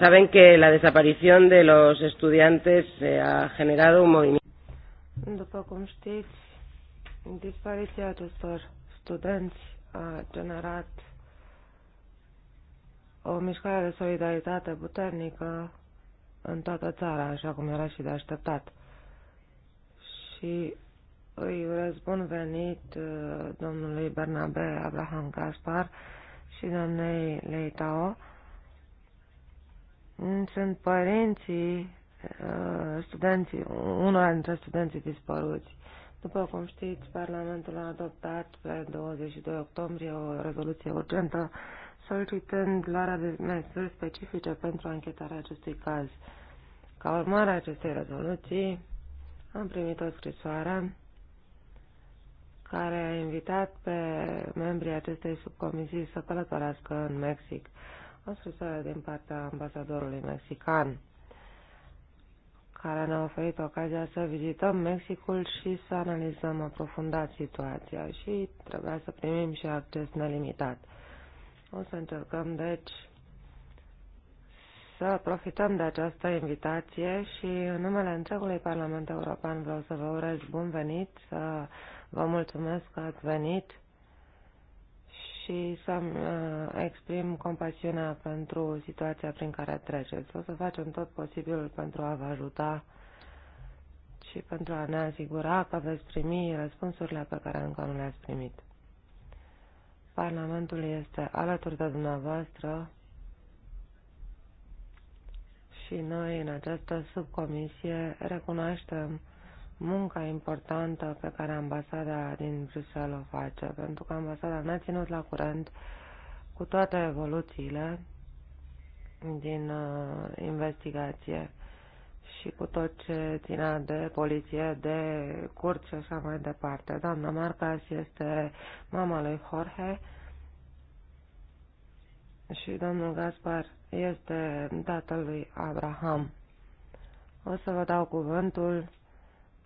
Saben que la desaparición de los estudiantes se eh, ha generado un movimiento. După cum știți, dispariția acestor studenți a generat o mișcare de solidaritate puternică în toată țara, așa cum era și de așteptat. Și îi urez bun venit eh, domnului Bernabe Abraham Gaspar și doamnei Leitao sunt părinții uh, studenții, unul dintre studenții dispăruți. După cum știți, Parlamentul a adoptat pe 22 octombrie o rezoluție urgentă solicitând luarea de măsuri specifice pentru anchetarea acestui caz. Ca urmare a acestei rezoluții, am primit o scrisoare care a invitat pe membrii acestei subcomisii să călătorească în Mexic o scrisoare din partea ambasadorului mexican care ne-a oferit ocazia să vizităm Mexicul și să analizăm aprofundat situația și trebuia să primim și acces nelimitat. O să încercăm, deci, să profităm de această invitație și în numele întregului Parlament European vreau să vă urez bun venit, să vă mulțumesc că ați venit și să uh, exprim compasiunea pentru situația prin care treceți. O să facem tot posibilul pentru a vă ajuta și pentru a ne asigura că veți primi răspunsurile pe care încă nu le-ați primit. Parlamentul este alături de dumneavoastră și noi în această subcomisie recunoaștem munca importantă pe care ambasada din Bruxelles o face, pentru că ambasada ne-a ținut la curent cu toate evoluțiile din uh, investigație și cu tot ce ținea de poliție, de curți și așa mai departe. Doamna Marcas este mama lui Jorge și domnul Gaspar este tatăl lui Abraham. O să vă dau cuvântul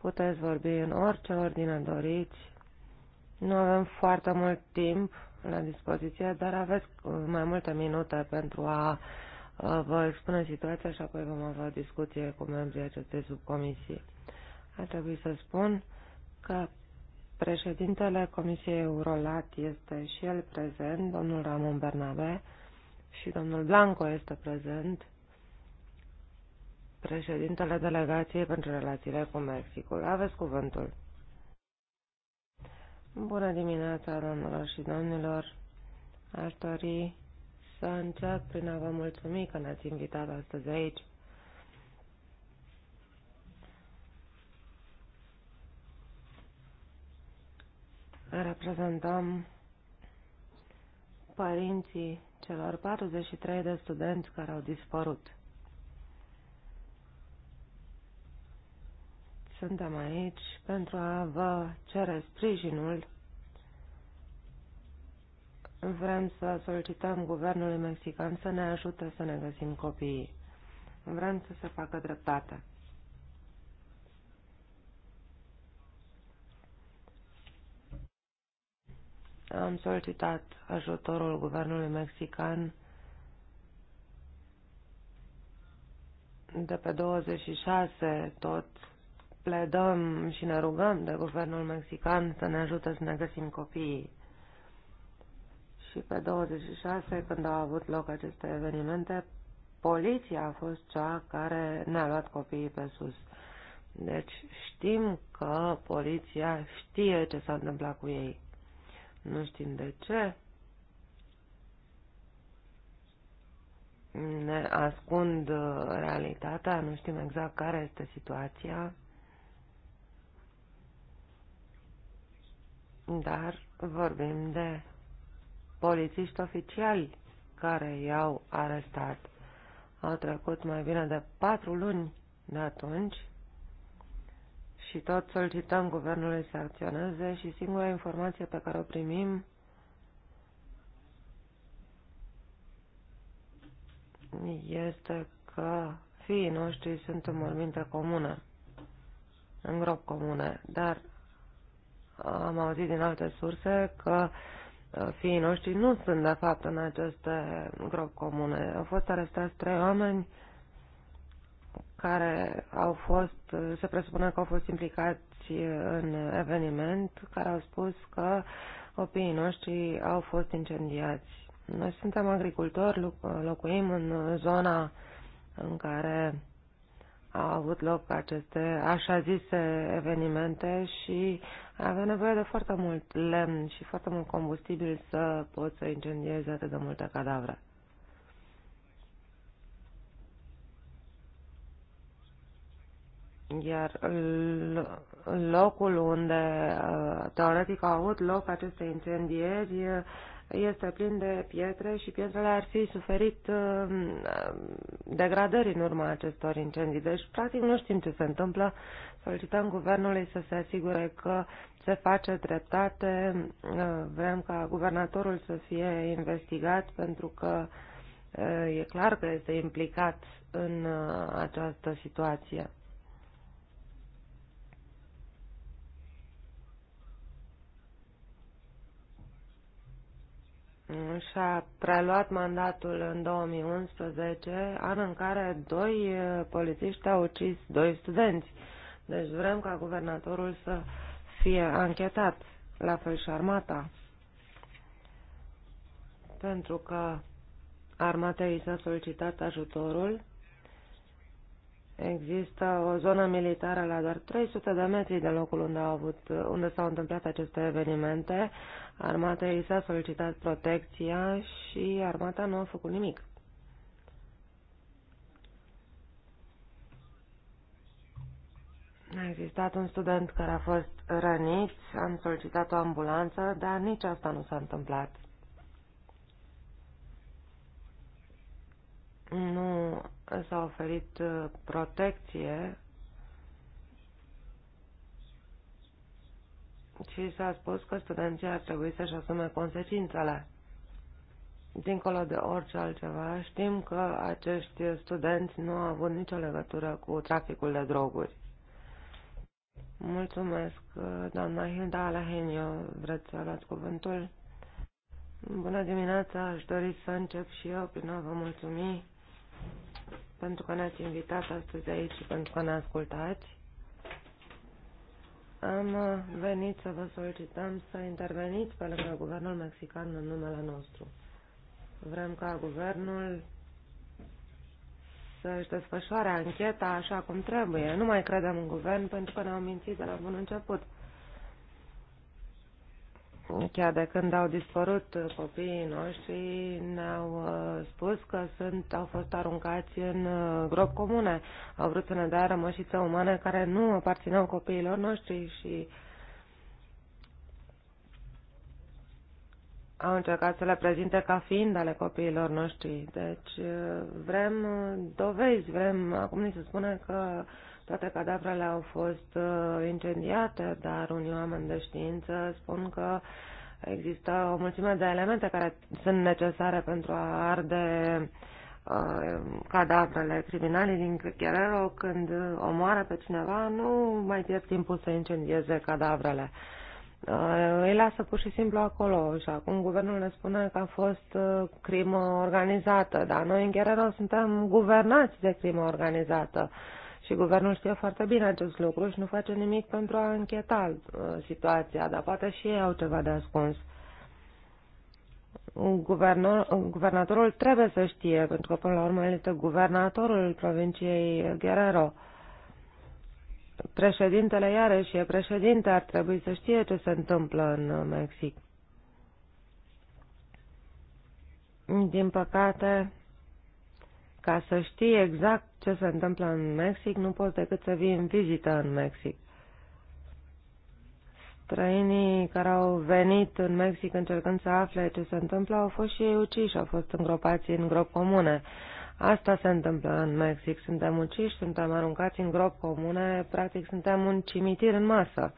Puteți vorbi în orice ordine doriți. Nu avem foarte mult timp la dispoziție, dar aveți mai multe minute pentru a vă expune situația și apoi vom avea discuție cu membrii acestei subcomisii. A trebuit să spun că președintele Comisiei Eurolat este și el prezent, domnul Ramon Bernabe, și domnul Blanco este prezent președintele delegației pentru relațiile cu Mexicul. Aveți cuvântul. Bună dimineața, domnilor și domnilor. Aș dori să încep prin a vă mulțumi că ne-ați invitat astăzi aici. Reprezentăm părinții celor 43 de studenți care au dispărut. suntem aici pentru a vă cere sprijinul. Vrem să solicităm guvernului mexican să ne ajute să ne găsim copiii. Vrem să se facă dreptate. Am solicitat ajutorul guvernului mexican de pe 26 tot pledăm și ne rugăm de guvernul mexican să ne ajute să ne găsim copiii. Și pe 26, când au avut loc aceste evenimente, poliția a fost cea care ne-a luat copiii pe sus. Deci știm că poliția știe ce s-a întâmplat cu ei. Nu știm de ce. Ne ascund uh, realitatea, nu știm exact care este situația. dar vorbim de polițiști oficiali care i-au arestat. Au trecut mai bine de patru luni de atunci și tot solicităm guvernului să acționeze și singura informație pe care o primim este că fiii noștri sunt în morminte comună, în grob comune, dar am auzit din alte surse că uh, fiii noștri nu sunt de fapt în aceste gropi comune. Au fost arestați trei oameni care au fost, uh, se presupune că au fost implicați uh, în eveniment, care au spus că copiii noștri au fost incendiați. Noi suntem agricultori, locuim în zona în care au avut loc aceste așa zise evenimente și avea nevoie de foarte mult lemn și foarte mult combustibil să poți să incendiezi atât de multe cadavre. Iar locul unde uh, teoretic au avut loc aceste incendieri este plin de pietre și pietrele ar fi suferit uh, degradări în urma acestor incendii. Deci, practic, nu știm ce se întâmplă. Solicităm guvernului să se asigure că se face dreptate. Uh, vrem ca guvernatorul să fie investigat pentru că uh, e clar că este implicat în această situație. Mm, și-a preluat mandatul în 2011, an în care doi uh, polițiști au ucis doi studenți. Deci vrem ca guvernatorul să fie anchetat, la fel și armata, pentru că i s-a solicitat ajutorul Există o zonă militară la doar 300 de metri de locul unde, au avut, unde s-au întâmplat aceste evenimente. Armata i s-a solicitat protecția și armata nu a făcut nimic. A existat un student care a fost rănit, am solicitat o ambulanță, dar nici asta nu s-a întâmplat. nu s-a oferit uh, protecție și s-a spus că studenții ar trebui să-și asume consecințele. Dincolo de orice altceva, știm că acești studenți nu au avut nicio legătură cu traficul de droguri. Mulțumesc, uh, doamna Hilda Alahenio. Vreți să luați cuvântul? Bună dimineața, aș dori să încep și eu prin a vă mulțumi pentru că ne-ați invitat astăzi aici și pentru că ne ascultați. Am uh, venit să vă solicităm să interveniți pe lângă guvernul mexican în numele nostru. Vrem ca guvernul să-și desfășoare ancheta așa cum trebuie. Nu mai credem în guvern pentru că ne-au mințit de la bun început chiar de când au dispărut copiii noștri, ne-au uh, spus că sunt, au fost aruncați în uh, grob comune. Au vrut să ne dea rămășiță umană care nu aparțineau copiilor noștri și au încercat să le prezinte ca fiind ale copiilor noștri. Deci uh, vrem dovezi, vrem, acum ni se spune că uh, toate cadavrele au fost uh, incendiate, dar unii oameni de știință spun că există o mulțime de elemente care sunt necesare pentru a arde uh, cadavrele. Criminalii din Guerrero, când omoară pe cineva, nu mai pierd timpul să incendieze cadavrele. Uh, îi lasă pur și simplu acolo și acum guvernul ne spune că a fost crimă organizată, dar noi în Guerrero suntem guvernați de crimă organizată. Uh, și guvernul știe foarte bine acest lucru și nu face nimic pentru a încheta uh, situația, dar poate și ei au ceva de ascuns. Guvernor, guvernatorul trebuie să știe, pentru că până la urmă el este guvernatorul provinciei Guerrero. Președintele iarăși e președinte, ar trebui să știe ce se întâmplă în Mexic. Din păcate, ca să știi exact ce se întâmplă în Mexic, nu poți decât să vii în vizită în Mexic. Străinii care au venit în Mexic încercând să afle ce se întâmplă au fost și ei uciși, au fost îngropați în gropi comune. Asta se întâmplă în Mexic. Suntem uciși, suntem aruncați în gropi comune, practic suntem un cimitir în masă.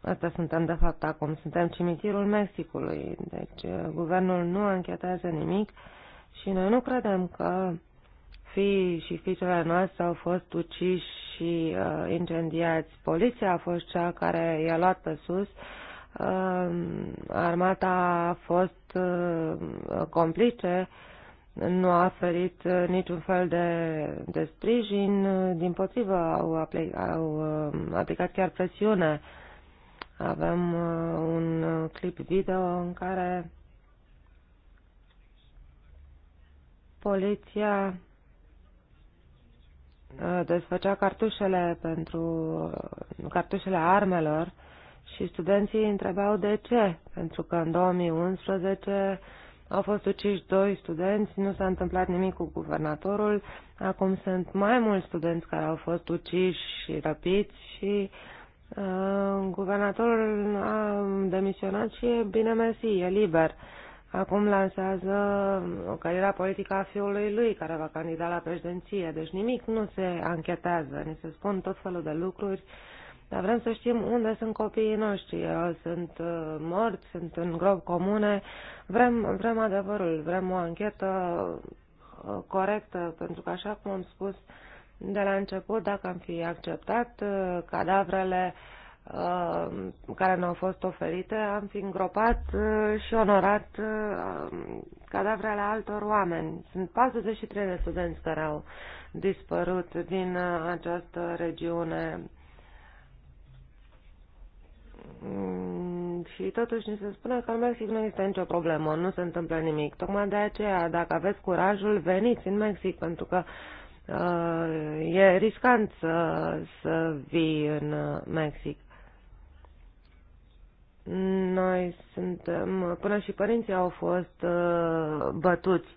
Asta suntem de fapt acum, suntem cimitirul Mexicului. Deci guvernul nu anchetează nimic și noi nu credem că fii și fiicele noastre au fost uciși și uh, incendiați. Poliția a fost cea care i-a luat pe sus. Uh, armata a fost uh, complice, nu a oferit uh, niciun fel de, de sprijin, din potrivă au, apli- au uh, aplicat chiar presiune. Avem uh, un uh, clip video în care poliția ă, desfăcea cartușele pentru cartușele armelor și studenții întrebau de ce, pentru că în 2011 au fost uciși doi studenți, nu s-a întâmplat nimic cu guvernatorul, acum sunt mai mulți studenți care au fost uciși și răpiți și uh, guvernatorul a demisionat și e bine mersi, e liber. Uh, acum lansează o cariera politică a fiului lui, care va candida la președinție. Deci nimic nu se anchetează, ni se spun tot felul de lucruri, dar vrem să știm unde sunt copiii noștri. Sunt uh, morți, sunt în grob comune. Vrem, vrem adevărul, vrem o anchetă uh, corectă, pentru că, așa cum am spus de la început, dacă am fi acceptat uh, cadavrele, Uh, care ne-au fost oferite, am fi îngropat uh, și onorat uh, cadavrele altor oameni. Sunt 43 de studenți care au dispărut din această regiune mm, și totuși ni se spune că în Mexic nu există nicio problemă, nu se întâmplă nimic. Tocmai de aceea, dacă aveți curajul, veniți în Mexic, pentru că uh, e riscant să, să vii în Mexic. Noi suntem, până și părinții au fost uh, bătuți,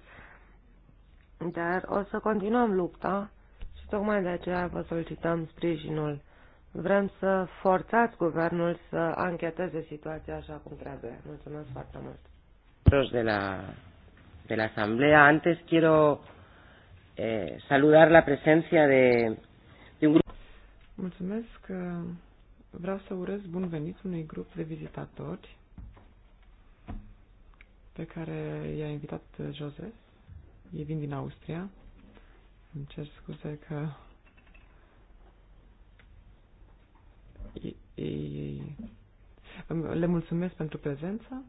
dar o să continuăm lupta și tocmai de aceea vă solicităm sprijinul. Vrem să forțați guvernul să ancheteze situația așa cum trebuie. Mulțumesc foarte mult. Pros de la, de la Asamblea, antes quiero eh, saludar la presencia de, de un grup. Mulțumesc. Uh... Vreau să urez bun venit unui grup de vizitatori pe care i-a invitat Joseph. Ei vin din Austria. Îmi cer scuze că le mulțumesc pentru prezență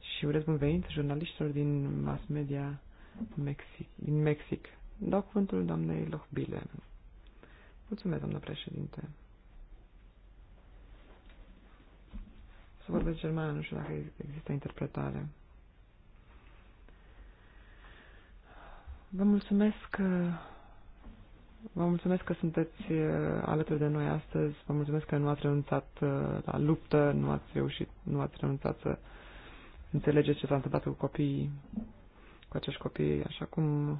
și urez bun venit jurnaliștilor din mass media Mexic, din Mexic. Dau cuvântul doamnei Lohbile. Mulțumesc, doamnă președinte. Să vorbesc germană, nu știu dacă există interpretare. Vă mulțumesc că Vă mulțumesc că sunteți eh, alături de noi astăzi. Vă mulțumesc că nu ați renunțat eh, la luptă, nu ați reușit, nu ați renunțat să înțelegeți ce s-a întâmplat cu copiii, cu acești copii, așa cum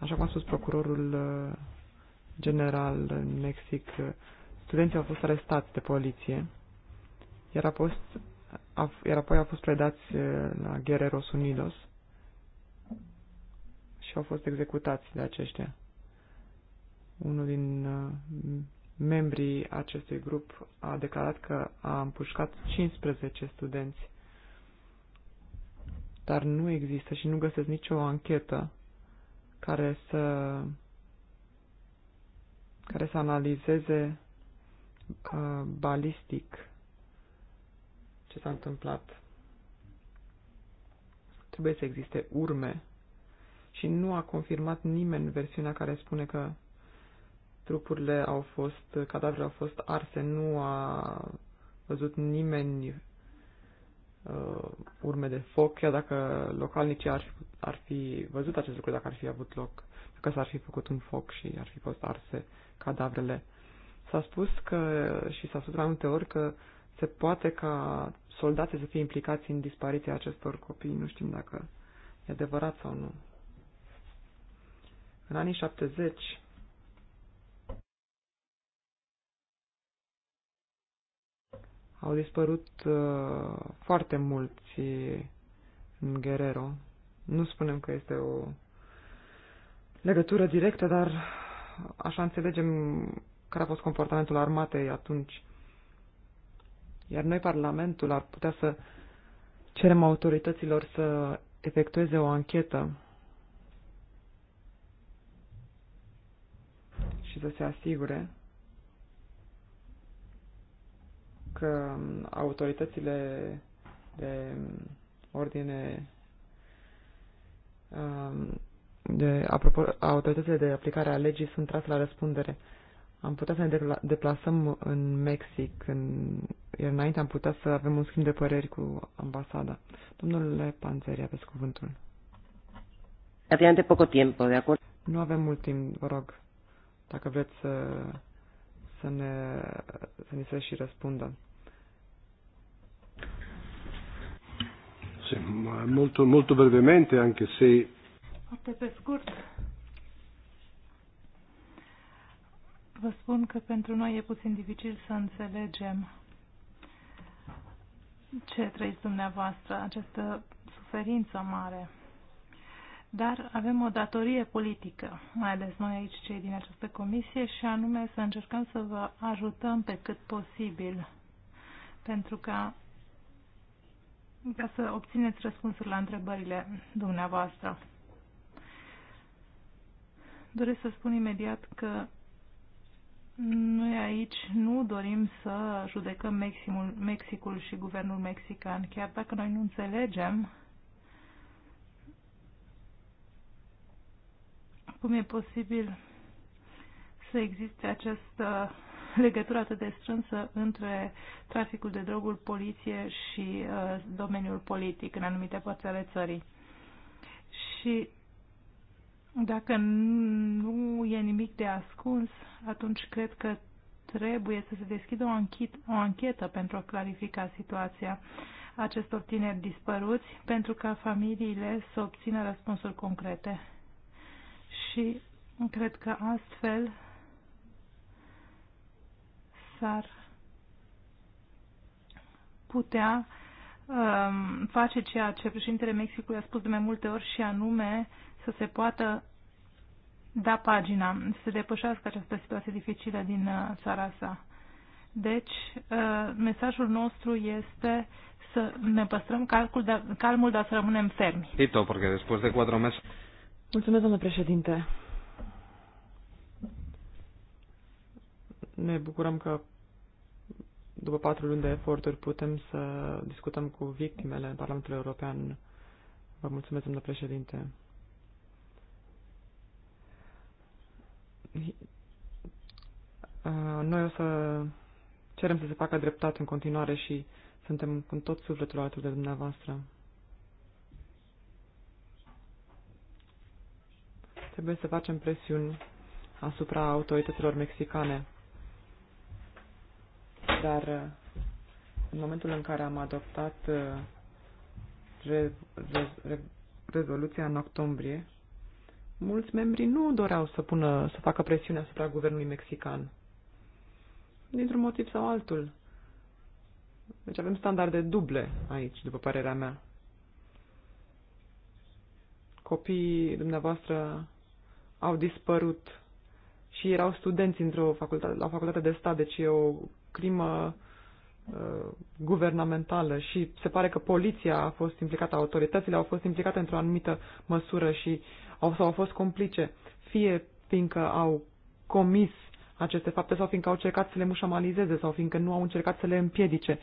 Așa cum a spus procurorul uh, general în Mexic, uh, studenții au fost arestați de poliție, iar, a fost, a, iar apoi au fost predați uh, la Guerreros Unidos și au fost executați de aceștia. Unul din membrii acestui grup a declarat că a împușcat 15 studenți. Dar nu există și nu găsesc nicio anchetă care să care să analizeze uh, balistic ce s-a întâmplat. Trebuie să existe urme și nu a confirmat nimeni versiunea care spune că trupurile au fost, cadavrele au fost arse, nu a văzut nimeni uh, urme de foc, chiar dacă localnicii ar, ar fi văzut acest lucru, dacă ar fi avut loc, dacă s-ar fi făcut un foc și ar fi fost arse cadavrele. S-a spus că, și s-a spus mai multe ori, că se poate ca soldații să fie implicați în dispariția acestor copii. Nu știm dacă e adevărat sau nu. În anii 70, Au dispărut uh, foarte mulți în Guerrero. Nu spunem că este o legătură directă, dar așa înțelegem care a fost comportamentul armatei atunci. Iar noi, Parlamentul, ar putea să cerem autorităților să efectueze o anchetă și să se asigure că autoritățile de ordine um, de, apropo, autoritățile de aplicare a legii sunt trase la răspundere. Am putea să ne deplasăm în Mexic, în, iar înainte am putea să avem un schimb de păreri cu ambasada. Domnule Panzeri, aveți cuvântul. Relativamente poco tiempo, de acord? Nu avem mult timp, vă rog, dacă vreți să, să, ne, să ni se și răspundă. Sì, ma molto, molto brevemente, anche se... Foarte pe scurt. Vă spun că pentru noi e puțin dificil să înțelegem ce trăiți dumneavoastră, această suferință mare. Dar avem o datorie politică, mai ales noi aici cei din această comisie, și anume să încercăm să vă ajutăm pe cât posibil pentru ca ca să obțineți răspunsuri la întrebările dumneavoastră. Doresc să spun imediat că noi aici nu dorim să judecăm Mexicul, Mexicul și guvernul mexican, chiar dacă noi nu înțelegem cum e posibil să existe această legătură atât de strânsă între traficul de droguri, poliție și uh, domeniul politic în anumite părți ale țării. Și dacă nu e nimic de ascuns, atunci cred că trebuie să se deschidă o, anchet o anchetă pentru a clarifica situația acestor tineri dispăruți, pentru ca familiile să obțină răspunsuri concrete. Și cred că astfel s-ar putea um, face ceea ce președintele Mexicului a spus de mai multe ori și anume să se poată da pagina, să se depășească această situație dificilă din uh, țara sa. Deci, uh, mesajul nostru este să ne păstrăm calcul, de, calmul, dar să rămânem fermi. Tito, pentru că după de 4 mesi... Mulțumesc, domnule președinte. Ne bucurăm că după patru luni de eforturi putem să discutăm cu victimele în Parlamentul European. Vă mulțumesc, domnule președinte. Uh, noi o să cerem să se facă dreptate în continuare și suntem cu tot sufletul alături de dumneavoastră. Trebuie să facem presiuni asupra autorităților mexicane dar uh, în momentul în care am adoptat uh, re, re, re, rezoluția în octombrie, mulți membri nu doreau să pună, să facă presiune asupra guvernului mexican. Dintr-un motiv sau altul. Deci avem standarde duble aici, după părerea mea. Copiii dumneavoastră au dispărut și erau studenți într-o facultate, la facultate de stat, deci e o crimă uh, guvernamentală și se pare că poliția a fost implicată, autoritățile au fost implicate într-o anumită măsură și au, sau au fost complice, fie fiindcă au comis aceste fapte sau fiindcă au încercat să le mușamalizeze sau fiindcă nu au încercat să le împiedice.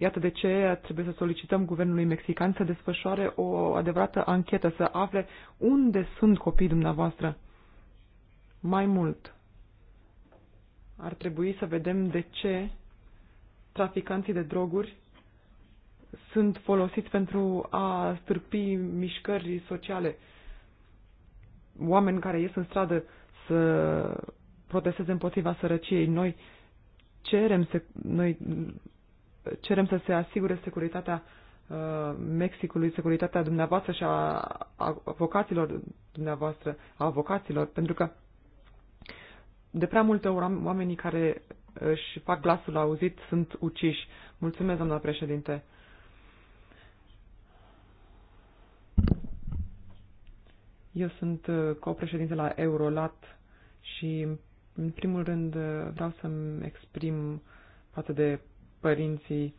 Iată de ce trebuie să solicităm guvernului mexican să desfășoare o adevărată anchetă, să afle unde sunt copiii dumneavoastră. Mai mult, ar trebui să vedem de ce traficanții de droguri sunt folosiți pentru a stârpi mișcări sociale. Oameni care ies în stradă să protesteze împotriva sărăciei. Noi cerem să, noi cerem să se asigure securitatea uh, Mexicului, securitatea dumneavoastră și a, a avocaților dumneavoastră, a avocaților, pentru că de prea multe ori oamenii care uh, își fac glasul auzit sunt uciși. Mulțumesc, doamna președinte. Eu sunt uh, copreședinte la Eurolat și, în primul rând, uh, vreau să-mi exprim față de părinții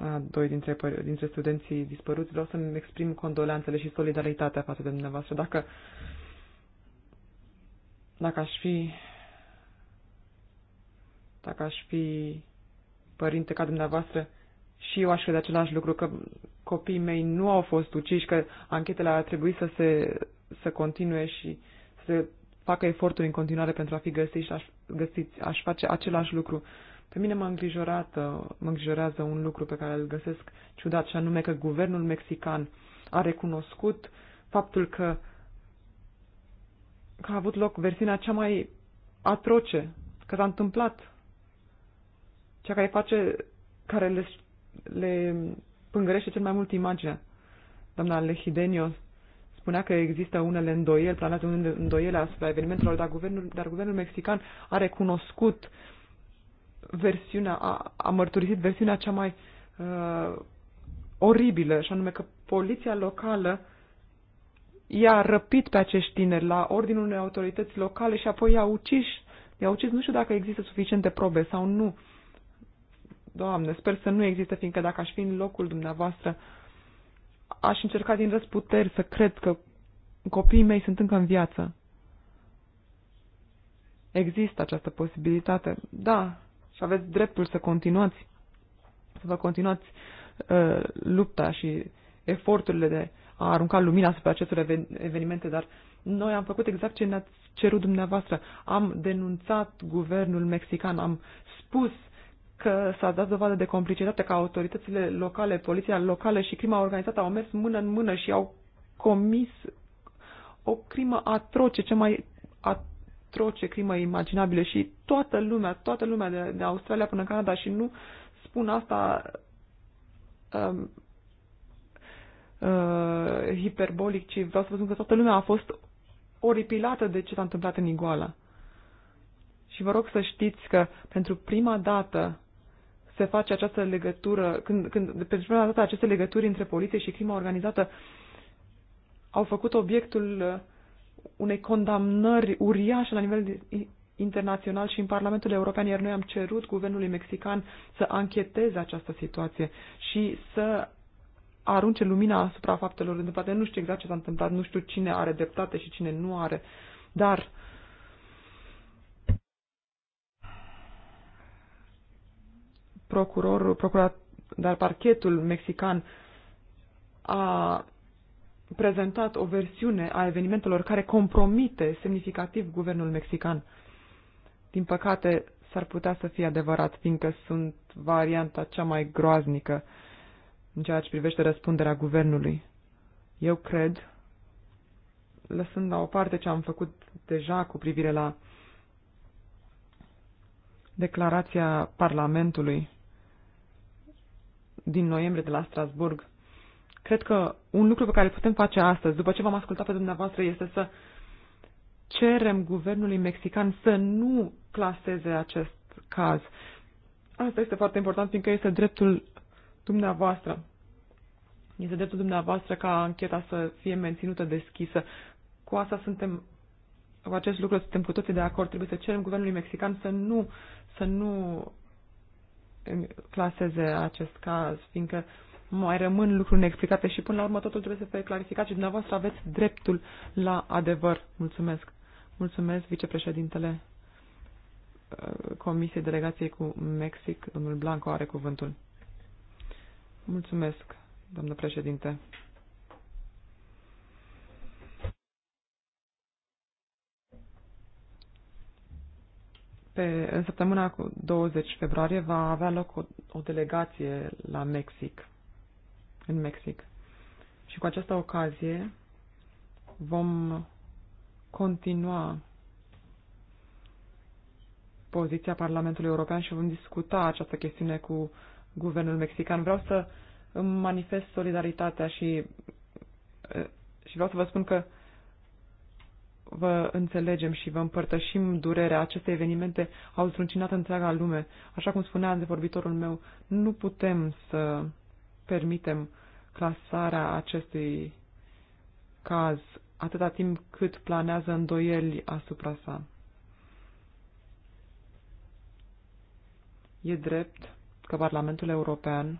a doi dintre, dintre studenții dispăruți, vreau să-mi exprim condoleanțele și solidaritatea față de dumneavoastră. Dacă uh, dacă aș fi... Dacă aș fi părinte ca dumneavoastră, și eu aș crede același lucru, că copiii mei nu au fost uciși, că anchetele ar trebui să se să continue și să se facă eforturi în continuare pentru a fi găsiți, aș, găsiți, aș face același lucru. Pe mine mă a îngrijorat, mă îngrijorează un lucru pe care îl găsesc ciudat, și anume că guvernul mexican a recunoscut faptul că că a avut loc versiunea cea mai atroce, că s-a întâmplat, cea care face, care le, le pângărește cel mai mult imaginea. Doamna Lehidenio spunea că există unele îndoieli, planate unele îndoiele asupra evenimentelor, dar guvernul, dar guvernul mexican a recunoscut versiunea, a, a mărturisit versiunea cea mai uh, oribilă, și anume că poliția locală i-a răpit pe acești tineri la ordinul unei autorități locale și apoi i-a ucis. I-a ucis, nu știu dacă există suficiente probe sau nu. Doamne, sper să nu există, fiindcă dacă aș fi în locul dumneavoastră, aș încerca din răsputeri să cred că copiii mei sunt încă în viață. Există această posibilitate, da, și aveți dreptul să continuați, să vă continuați uh, lupta și eforturile de a arunca lumina asupra acestor evenimente, dar noi am făcut exact ce ne-ați cerut dumneavoastră. Am denunțat guvernul mexican, am spus că s-a dat dovadă de complicitate, că autoritățile locale, poliția locală și crima organizată au mers mână în mână și au comis o crimă atroce, cea mai atroce crimă imaginabilă și toată lumea, toată lumea de, de Australia până în Canada și nu spun asta um, uh, hiperbolic, ci vreau să vă spun că toată lumea a fost oripilată de ce s-a întâmplat în Iguala. Și vă rog să știți că pentru prima dată se face această legătură, când, când pentru prima dată aceste legături între poliție și crima organizată au făcut obiectul unei condamnări uriașe la nivel internațional și în Parlamentul European, iar noi am cerut guvernului mexican să ancheteze această situație și să arunce lumina asupra faptelor întâmplate. Nu știu exact ce s-a întâmplat, nu știu cine are dreptate și cine nu are, dar procurorul, procurat, dar parchetul mexican a prezentat o versiune a evenimentelor care compromite semnificativ guvernul mexican. Din păcate, s-ar putea să fie adevărat, fiindcă sunt varianta cea mai groaznică uh, în ceea ce privește răspunderea guvernului. Eu cred, lăsând la o parte ce am făcut deja cu privire la declarația Parlamentului din noiembrie de la Strasburg, cred că un lucru pe care îl putem face astăzi, după ce v-am ascultat pe dumneavoastră, este să cerem guvernului mexican să nu claseze acest caz. Asta este foarte important, fiindcă este dreptul dumneavoastră. Este dreptul dumneavoastră ca ancheta să fie menținută deschisă. Cu asta suntem cu acest lucru suntem cu toții de acord. Trebuie să cerem guvernului mexican să nu, să nu claseze acest caz, fiindcă mai rămân lucruri neexplicate și până la urmă totul trebuie să fie clarificat și dumneavoastră aveți dreptul la adevăr. Mulțumesc. Mulțumesc, vicepreședintele uh, Comisiei Delegației cu Mexic, domnul Blanco are cuvântul. Mulțumesc, domnule președinte. Pe, în săptămâna cu 20 februarie va avea loc o, o delegație la Mexic, în Mexic. Și cu această ocazie vom continua poziția Parlamentului European și vom discuta această chestiune cu guvernul mexican. Vreau să îmi manifest solidaritatea și, eh, și vreau să vă spun că vă înțelegem și vă împărtășim durerea. Aceste evenimente au zruncinat întreaga lume. Așa cum spunea vorbitorul meu, nu putem să permitem clasarea acestui caz atâta timp cât planează îndoieli asupra sa. E drept că Parlamentul European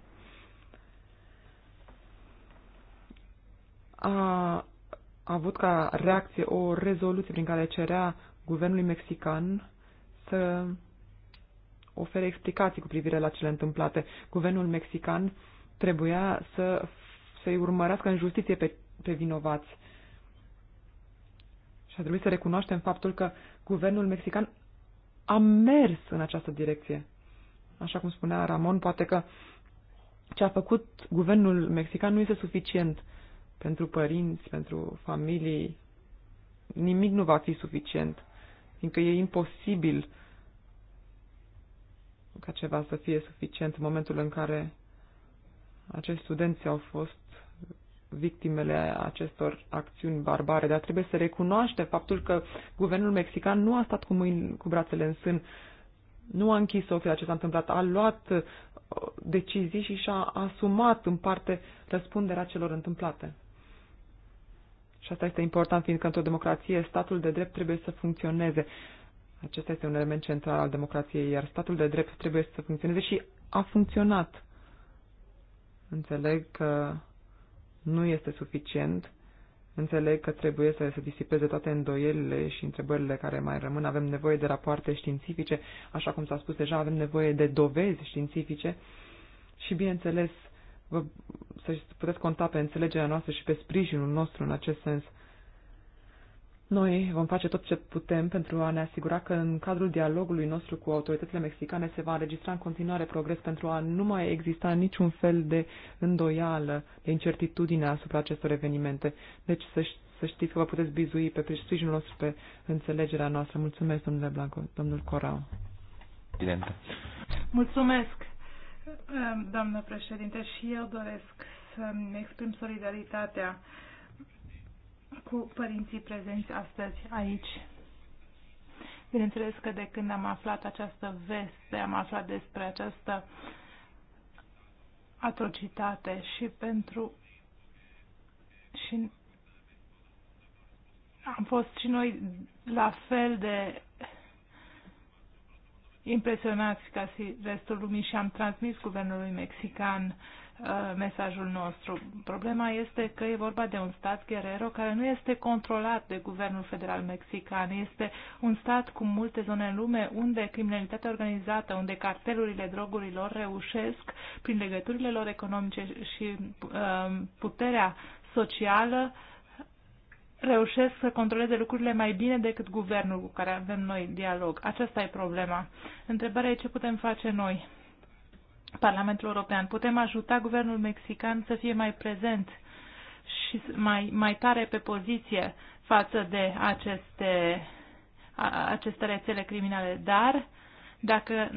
a avut ca reacție o rezoluție prin care cerea guvernului mexican să ofere explicații cu privire la cele întâmplate. Guvernul mexican trebuia să să-i urmărească în justiție pe, pe vinovați. Și a trebuit să recunoaștem faptul că guvernul mexican a mers în această direcție. Așa cum spunea Ramon, poate că ce a făcut guvernul mexican nu este suficient pentru părinți, pentru familii. Nimic nu va fi suficient, fiindcă e imposibil ca ceva să fie suficient în momentul în care acești studenți au fost victimele acestor acțiuni barbare, dar trebuie să recunoaște faptul că guvernul mexican nu a stat cu, mâini, cu brațele în sân nu a închis ochii la ce s-a întâmplat, a luat uh, decizii și și-a asumat în parte răspunderea celor întâmplate. Și asta este important, fiindcă într-o democrație statul de drept trebuie să funcționeze. Acesta este un element central al democrației, iar statul de drept trebuie să funcționeze și a funcționat. Înțeleg că nu este suficient Înțeleg că trebuie să se disipeze toate îndoielile și întrebările care mai rămân. Avem nevoie de rapoarte științifice, așa cum s-a spus deja, avem nevoie de dovezi științifice și, bineînțeles, vă, să puteți conta pe înțelegerea noastră și pe sprijinul nostru în acest sens. Noi vom face tot ce putem pentru a ne asigura că în cadrul dialogului nostru cu autoritățile mexicane se va înregistra în continuare progres pentru a nu mai exista niciun fel de îndoială, de incertitudine asupra acestor evenimente. Deci să, să știți că vă puteți bizui pe sprijinul nostru, pe înțelegerea noastră. Mulțumesc, domnule Blanco, domnul Corau. Evidentă. Mulțumesc, eh, doamnă președinte, și eu doresc să-mi exprim solidaritatea cu părinții prezenți astăzi aici. Bineînțeles că de când am aflat această veste, am aflat despre această atrocitate și pentru și am fost și noi la fel de impresionați ca și restul lumii și am transmis guvernului mexican Uh, mesajul nostru. Problema este că e vorba de un stat Guerrero care nu este controlat de guvernul federal mexican. Este un stat cu multe zone în lume unde criminalitatea organizată, unde cartelurile drogurilor reușesc prin legăturile lor economice și uh, puterea socială reușesc să controleze lucrurile mai bine decât guvernul cu care avem noi dialog. Aceasta e problema. Întrebarea e ce putem face noi Parlamentul European. Putem ajuta guvernul mexican să fie mai prezent și mai, mai tare pe poziție față de aceste, aceste rețele criminale, dar dacă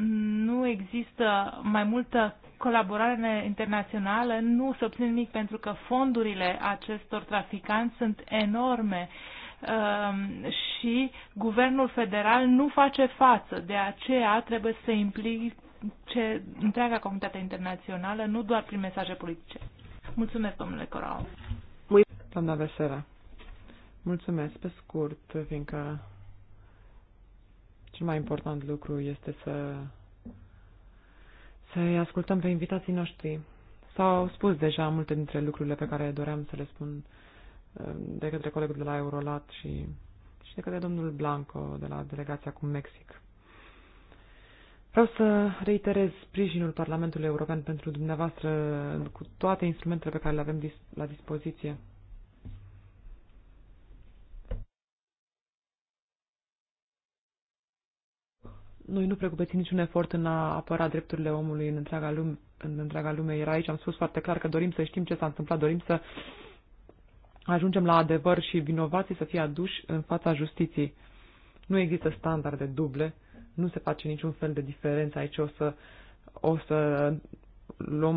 nu există mai multă colaborare internațională, nu se obține nimic pentru că fondurile acestor traficanți sunt enorme um, și guvernul federal nu face față. De aceea trebuie să se implic, ce întreaga comunitate internațională, nu doar prin mesaje politice. Mulțumesc, domnule Corau. Doamna Vesera, mulțumesc pe scurt, fiindcă cel mai important lucru este să să ascultăm pe invitații noștri. S-au spus deja multe dintre lucrurile pe care doream să le spun uh, de către colegul de la Eurolat și, și de către domnul Blanco de la delegația cu Mexic. Vreau să reiterez sprijinul Parlamentului European pentru dumneavoastră cu toate instrumentele pe care le avem dis- la dispoziție. Noi nu precupeți niciun efort în a apăra drepturile omului în întreaga lume. În întreaga lume. Era aici, am spus foarte clar că dorim să știm ce s-a întâmplat, dorim să ajungem la adevăr și vinovații să fie aduși în fața justiției. Nu există standarde duble nu se face niciun fel de diferență aici, o să, o să luăm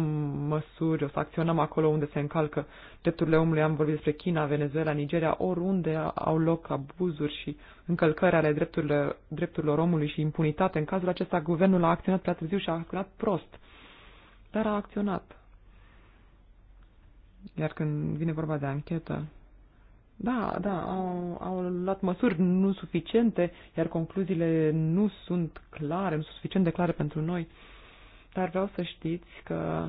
măsuri, o să acționăm acolo unde se încalcă drepturile omului. Am vorbit despre China, Venezuela, Nigeria, oriunde au loc abuzuri și încălcări ale drepturilor, drepturilor omului și impunitate. În cazul acesta, guvernul a acționat prea târziu și a acționat prost, dar a acționat. Iar când vine vorba de anchetă, da, da, au, au luat măsuri nu suficiente, iar concluziile nu sunt clare, nu sunt suficient de clare pentru noi. Dar vreau să știți că,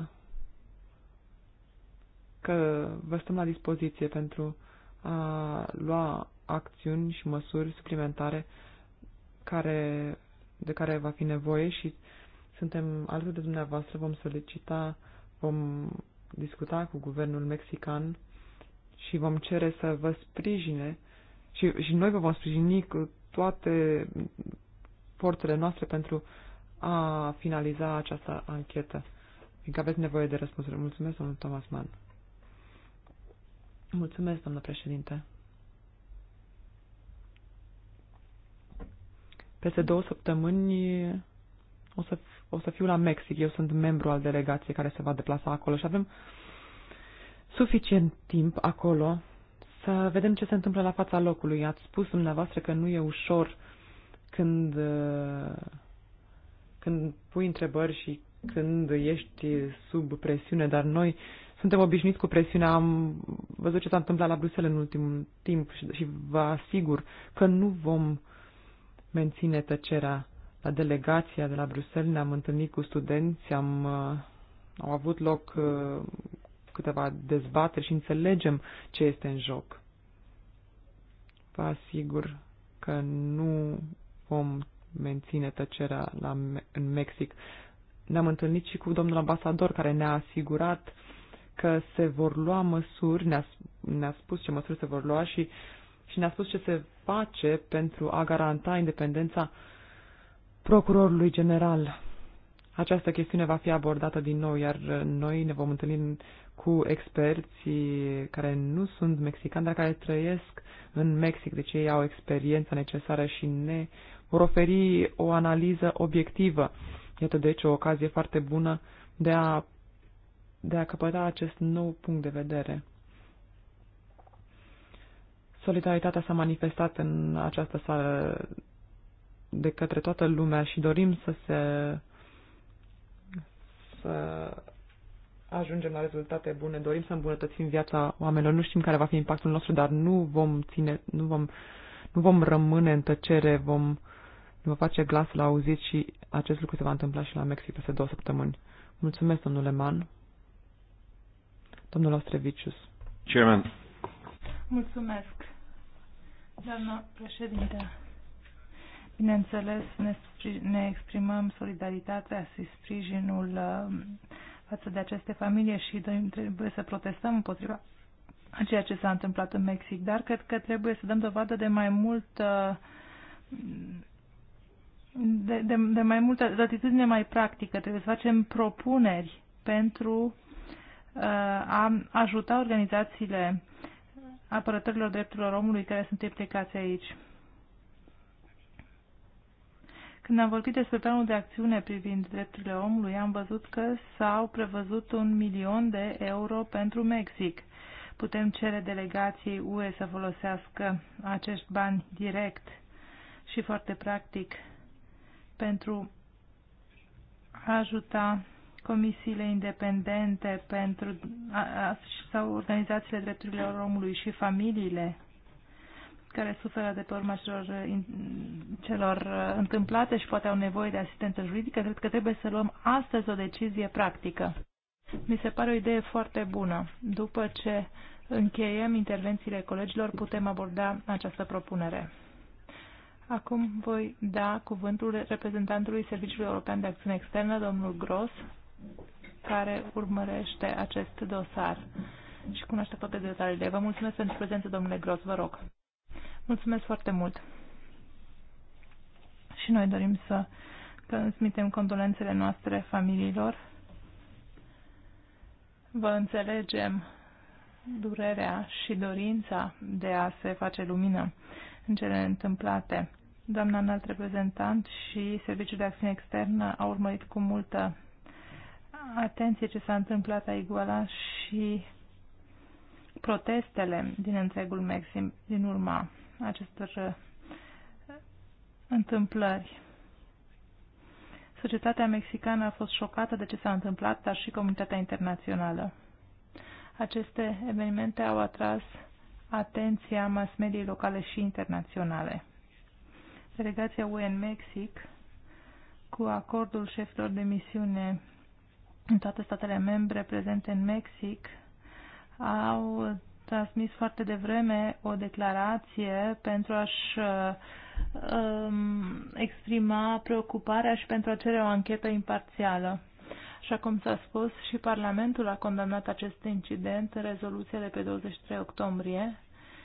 că vă stăm la dispoziție pentru a lua acțiuni și măsuri suplimentare care, de care va fi nevoie și suntem alături de dumneavoastră, vom solicita, vom discuta cu guvernul mexican și vom cere să vă sprijine și, și noi vă vom sprijini cu toate forțele noastre pentru a finaliza această anchetă, fiindcă aveți nevoie de răspunsuri. Mulțumesc, domnul Thomas Mann. Mulțumesc, domnul președinte. Peste două săptămâni o să, o să fiu la Mexic. Eu sunt membru al delegației care se va deplasa acolo și avem suficient timp acolo să vedem ce se întâmplă la fața locului. Ați spus dumneavoastră că nu e ușor când, uh, când pui întrebări și când ești sub presiune, dar noi suntem obișnuiți cu presiunea. Am văzut ce s-a întâmplat la Bruxelles în ultimul timp și, și vă asigur că nu vom menține tăcerea. La delegația de la Bruxelles ne-am întâlnit cu studenți, am, uh, au avut loc uh, câteva dezbateri și înțelegem ce este în joc. Vă asigur că nu vom menține tăcerea la, în Mexic. Ne-am întâlnit și cu domnul ambasador care ne-a asigurat că se vor lua măsuri, ne-a, ne-a spus ce măsuri se vor lua și, și ne-a spus ce se face pentru a garanta independența procurorului general. Această chestiune va fi abordată din nou, iar uh, noi ne vom întâlni cu experții care nu sunt mexicani, dar care trăiesc în Mexic, deci ei au experiența necesară și ne vor oferi o analiză obiectivă. Iată deci o ocazie foarte bună de a, de a căpăta acest nou punct de vedere. Solidaritatea s-a manifestat în această sală de către toată lumea și dorim să se să ajungem la rezultate bune, dorim să îmbunătățim viața oamenilor, nu știm care va fi impactul nostru, dar nu vom ține, nu vom, nu vom rămâne în tăcere, vom vă face la auzit și acest lucru se va întâmpla și la Mexic peste două săptămâni. Mulțumesc, domnule Man. Domnul Ostrevicius. Chairman. Mulțumesc, doamna președinte. Bineînțeles, ne, ne exprimăm solidaritatea și sprijinul uh, față de aceste familii și trebuie să protestăm împotriva a ceea ce s-a întâmplat în Mexic, dar cred că trebuie să dăm dovadă de mai mult de, de, de mai multă de atitudine mai practică. Trebuie să facem propuneri pentru uh, a ajuta organizațiile apărătorilor drepturilor omului care sunt implicați aici. Când am vorbit despre planul de acțiune privind drepturile omului, am văzut că s-au prevăzut un milion de euro pentru Mexic. Putem cere delegației UE să folosească acești bani direct și foarte practic pentru a ajuta comisiile independente pentru, a, a, sau organizațiile drepturilor omului și familiile care suferă de pe urma celor, celor uh, întâmplate și poate au nevoie de asistență juridică, cred că trebuie să luăm astăzi o decizie practică. Mi se pare o idee foarte bună. După ce încheiem intervențiile colegilor, putem aborda această propunere. Acum voi da cuvântul reprezentantului Serviciului European de Acțiune Externă, domnul Gros, care urmărește acest dosar și cunoaște toate detaliile. Vă mulțumesc pentru prezență, domnule Gros, vă rog. Mulțumesc foarte mult! Și noi dorim să transmitem condolențele noastre familiilor. Vă înțelegem durerea și dorința de a se face lumină în cele întâmplate. Doamna înalt reprezentant și Serviciul de Acțiune Externă au urmărit cu multă atenție ce s-a întâmplat la Iguala și protestele din întregul Mexim din urma acestor uh, întâmplări. Societatea mexicană a fost șocată de ce s-a întâmplat, dar și comunitatea internațională. Aceste evenimente au atras atenția mass mediei locale și internaționale. Delegația UE Mexic, cu acordul șefilor de misiune în toate statele membre prezente în Mexic, au transmis foarte devreme o declarație pentru a-și uh, um, exprima preocuparea și pentru a cere o anchetă imparțială. Așa cum s-a spus, și Parlamentul a condamnat acest incident în rezoluție de pe 23 octombrie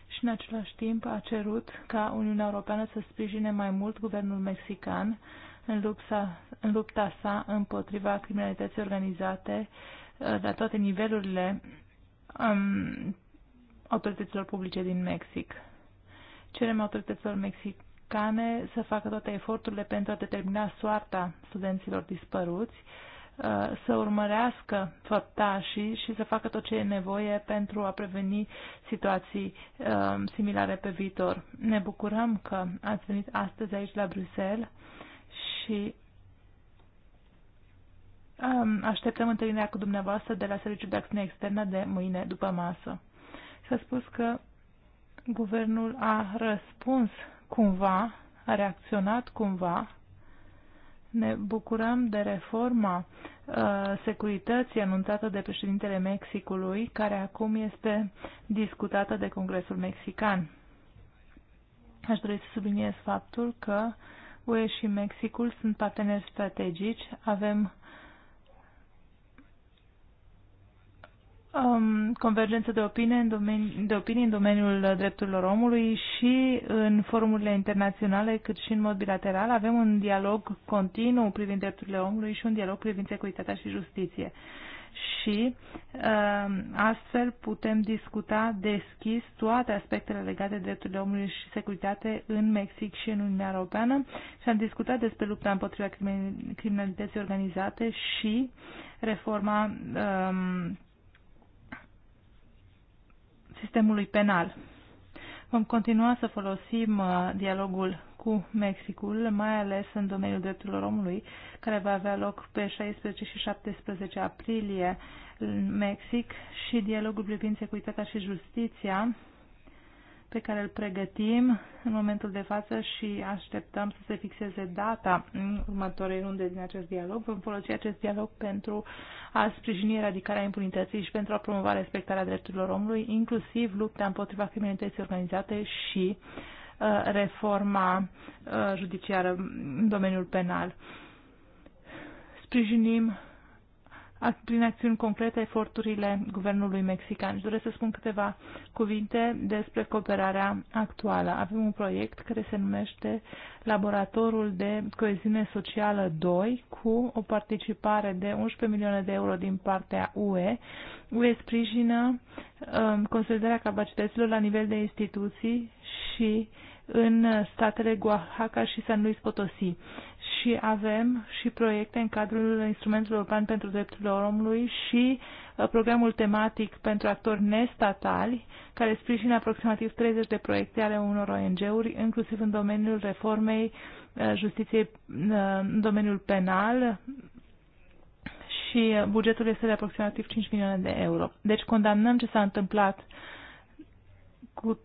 și în același timp a cerut ca Uniunea Europeană să sprijine mai mult guvernul mexican în lupta, în lupta sa împotriva criminalității organizate uh, la toate nivelurile um, autorităților publice din Mexic. Cerem autorităților mexicane să facă toate eforturile pentru a determina soarta studenților dispăruți, uh, să urmărească făptașii și să facă tot ce e nevoie pentru a preveni situații uh, similare pe viitor. Ne bucurăm că ați venit astăzi aici la Bruxelles și um, Așteptăm întâlnirea cu dumneavoastră de la Serviciul de Acțiune Externă de mâine după masă. S-a spus că guvernul a răspuns cumva, a reacționat cumva. Ne bucurăm de reforma uh, securității anunțată de președintele Mexicului, care acum este discutată de Congresul Mexican. Aș dori să subliniez faptul că UE și Mexicul sunt parteneri strategici, avem um, convergență de opinie, în domeni, de opinie în domeniul drepturilor omului și în forumurile internaționale, cât și în mod bilateral. Avem un dialog continuu privind drepturile omului și un dialog privind securitatea și justiție. Și um, astfel putem discuta deschis toate aspectele legate de drepturile omului și securitate în Mexic și în Uniunea Europeană și am discutat despre lupta împotriva criminalității organizate și reforma um, sistemului penal. Vom continua să folosim uh, dialogul cu Mexicul, mai ales în domeniul drepturilor omului, care va avea loc pe 16 și 17 aprilie în Mexic și dialogul privind securitatea și justiția, pe care îl pregătim în momentul de față și așteptăm să se fixeze data în următoarei runde din acest dialog. Vom folosi acest dialog pentru a sprijini eradicarea impunității și pentru a promova respectarea drepturilor omului, inclusiv lupta împotriva criminalității organizate și uh, reforma uh, judiciară în domeniul penal. Sprijinim prin acțiuni concrete eforturile guvernului mexican. Și doresc să spun câteva cuvinte despre cooperarea actuală. Avem un proiect care se numește Laboratorul de Coeziune Socială 2 cu o participare de 11 milioane de euro din partea UE. UE sprijină uh, consolidarea capacităților la nivel de instituții și uh, în statele Oaxaca și San Luis Potosi. Și avem și proiecte în cadrul instrumentului urban pentru drepturile omului și uh, programul tematic pentru actori nestatali, care sprijină aproximativ 30 de proiecte ale unor ONG-uri, inclusiv în domeniul reformei uh, justiției, uh, în domeniul penal, și bugetul este de aproximativ 5 milioane de euro. Deci condamnăm ce s-a întâmplat cu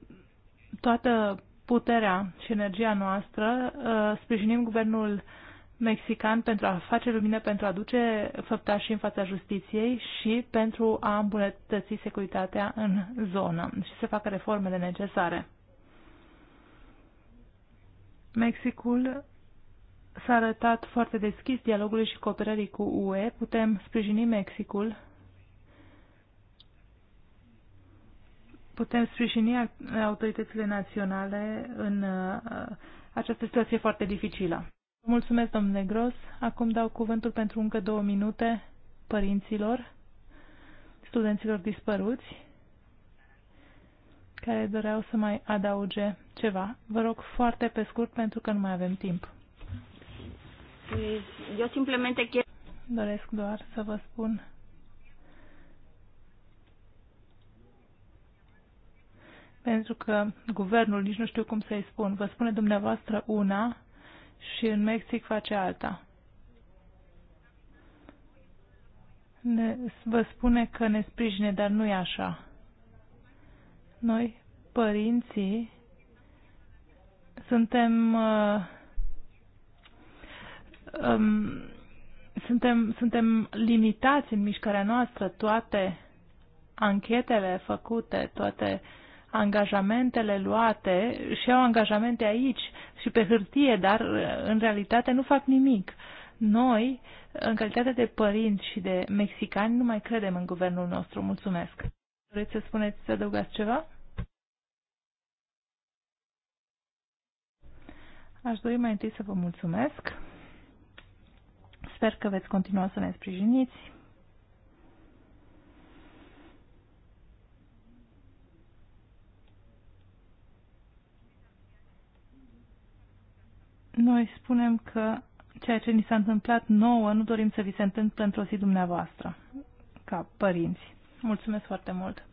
toată puterea și energia noastră, uh, sprijinim guvernul mexican pentru a face lumină, pentru a duce făptașii în fața justiției și pentru a îmbunătăți securitatea în zonă și să facă reformele necesare. Mexicul s-a arătat foarte deschis dialogului și cooperării cu UE. Putem sprijini Mexicul putem sprijini autoritățile naționale în uh, această situație foarte dificilă. Mulțumesc, domnule Gros. Acum dau cuvântul pentru încă două minute părinților, studenților dispăruți, care doreau să mai adauge ceva. Vă rog foarte pe scurt, pentru că nu mai avem timp. Eu simplemente doresc doar să vă spun pentru că guvernul, nici nu știu cum să-i spun, vă spune dumneavoastră una și în Mexic face alta. Ne, vă spune că ne sprijine, dar nu e așa. Noi, părinții, suntem uh, um, suntem, suntem limitați în mișcarea noastră toate anchetele făcute, toate angajamentele luate și au angajamente aici și pe hârtie, dar uh, în realitate nu fac nimic. Noi, în calitate de părinți și de mexicani, nu mai credem în guvernul nostru. Mulțumesc. Vreți să spuneți, să adăugați ceva? Aș dori mai întâi să vă mulțumesc. Sper că veți continua să ne sprijiniți Noi spunem că ceea ce ni s-a întâmplat nouă nu dorim să vi se întâmple într-o zi dumneavoastră, ca părinți. Mulțumesc foarte mult!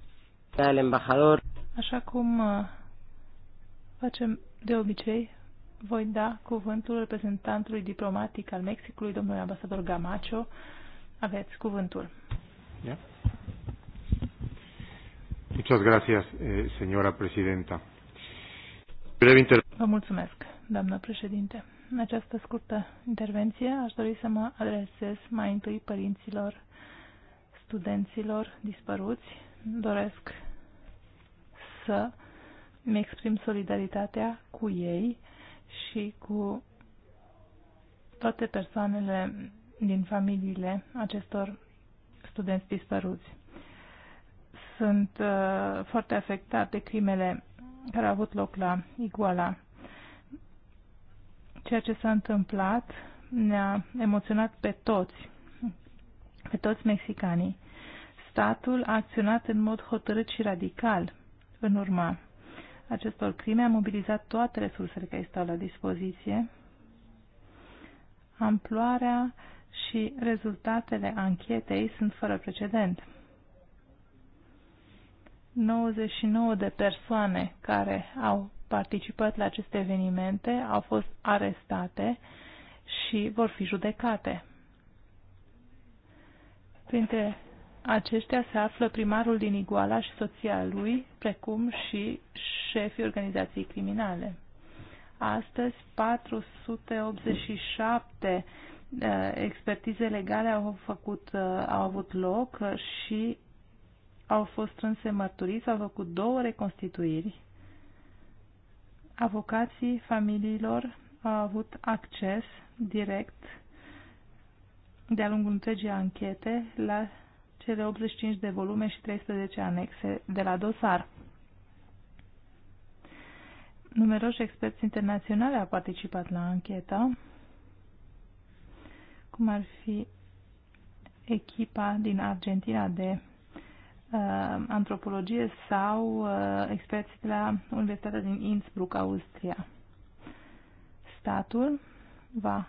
Al embajador. Așa cum uh, facem de obicei, voi da cuvântul reprezentantului diplomatic al Mexicului, domnul ambasador Gamacho. Aveți cuvântul. Yeah. Muchas gracias, eh, señora presidenta. Breve Vă mulțumesc doamnă președinte. În această scurtă intervenție aș dori să mă adresez mai întâi părinților, studenților dispăruți. Doresc să mi exprim solidaritatea cu ei și cu toate persoanele din familiile acestor studenți dispăruți. Sunt uh, foarte afectate crimele care au avut loc la Iguala Ceea ce s-a întâmplat ne-a emoționat pe toți, pe toți mexicanii. Statul a acționat în mod hotărât și radical în urma acestor crime, a mobilizat toate resursele care stau la dispoziție. Amploarea și rezultatele anchetei sunt fără precedent. 99 de persoane care au participat la aceste evenimente au fost arestate și vor fi judecate. Printre aceștia se află primarul din Iguala și soția lui, precum și șefii organizației criminale. Astăzi, 487 uh, expertize legale au, făcut, uh, au avut loc și au fost strânse mărturii, s-au făcut două reconstituiri avocații familiilor au avut acces direct de-a lungul întregii anchete la cele 85 de volume și 13 anexe de la dosar. Numeroși experți internaționali au participat la anchetă, cum ar fi echipa din Argentina de Uh, antropologie sau uh, experți de la Universitatea din Innsbruck, Austria. Statul va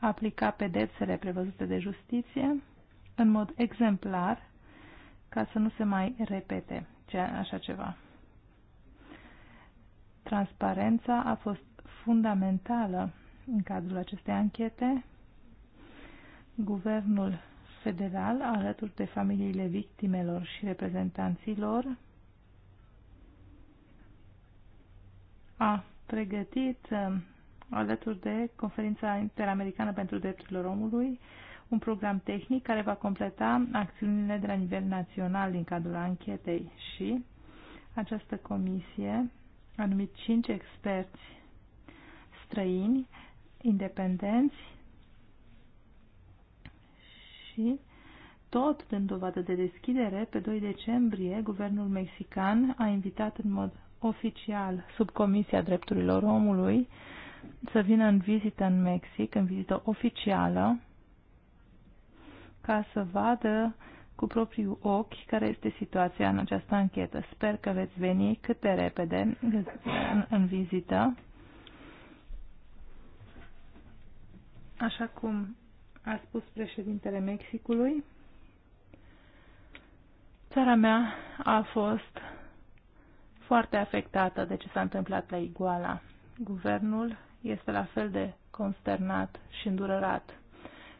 aplica pedepsele prevăzute de justiție în mod exemplar ca să nu se mai repete așa ceva. Transparența a fost fundamentală în cadrul acestei anchete. Guvernul federal alături de familiile victimelor și reprezentanților a pregătit um, alături de Conferința Interamericană pentru Drepturile Omului un program tehnic care va completa acțiunile de la nivel național din cadrul anchetei și această comisie a numit cinci experți străini independenți și tot în dovadă de deschidere, pe 2 decembrie, guvernul mexican a invitat în mod oficial sub comisia drepturilor omului să vină în vizită în Mexic, în vizită oficială, ca să vadă cu propriul ochi care este situația în această anchetă. Sper că veți veni cât de repede în, în vizită. Așa cum a spus președintele Mexicului. Țara mea a fost foarte afectată de ce s-a întâmplat la Iguala. Guvernul este la fel de consternat și îndurărat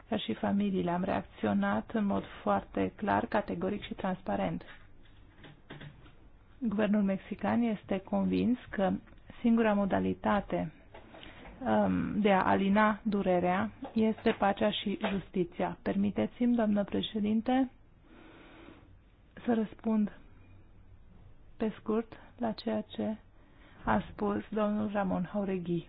ca și familiile. Am reacționat în mod foarte clar, categoric și transparent. Guvernul mexican este convins că singura modalitate Um, de a alina durerea este pacea și justiția. Permiteți-mi, doamnă președinte, să răspund pe scurt la ceea ce a spus domnul Ramon Haureghi.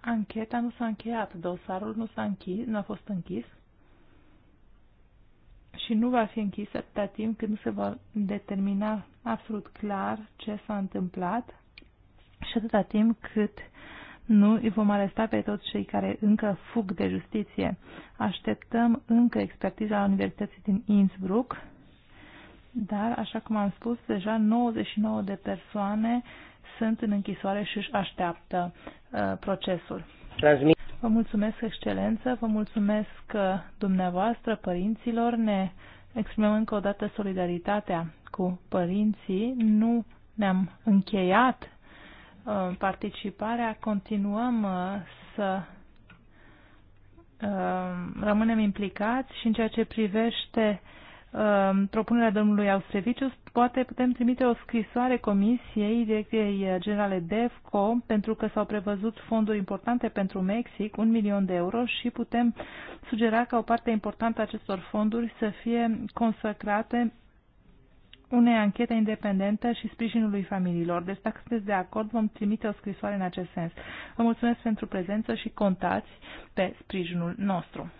Ancheta nu s-a încheiat, dosarul nu s-a închis, nu a fost închis și nu va fi închis atâta timp când nu se va determina absolut clar ce s-a întâmplat și atâta timp cât nu îi vom aresta pe toți cei care încă fug de justiție. Așteptăm încă expertiza la Universității din Innsbruck, dar, așa cum am spus, deja 99 de persoane sunt în închisoare și își așteaptă uh, procesul. Transmit. Vă mulțumesc, excelență, vă mulțumesc uh, dumneavoastră, părinților, ne exprimăm încă o dată solidaritatea cu părinții, nu ne-am încheiat Uh, participarea, continuăm uh, să uh, rămânem implicați și în ceea ce privește propunerea domnului Austrevicius, poate putem trimite o scrisoare Comisiei Direcției Generale DEFCO pentru că s-au prevăzut fonduri importante pentru Mexic, un milion de euro și putem sugera ca o parte importantă a acestor fonduri să fie consacrate unei anchete independente și sprijinului familiilor. Deci, dacă sunteți de acord, vom trimite o scrisoare în acest sens. Vă mulțumesc pentru prezență și contați pe sprijinul nostru.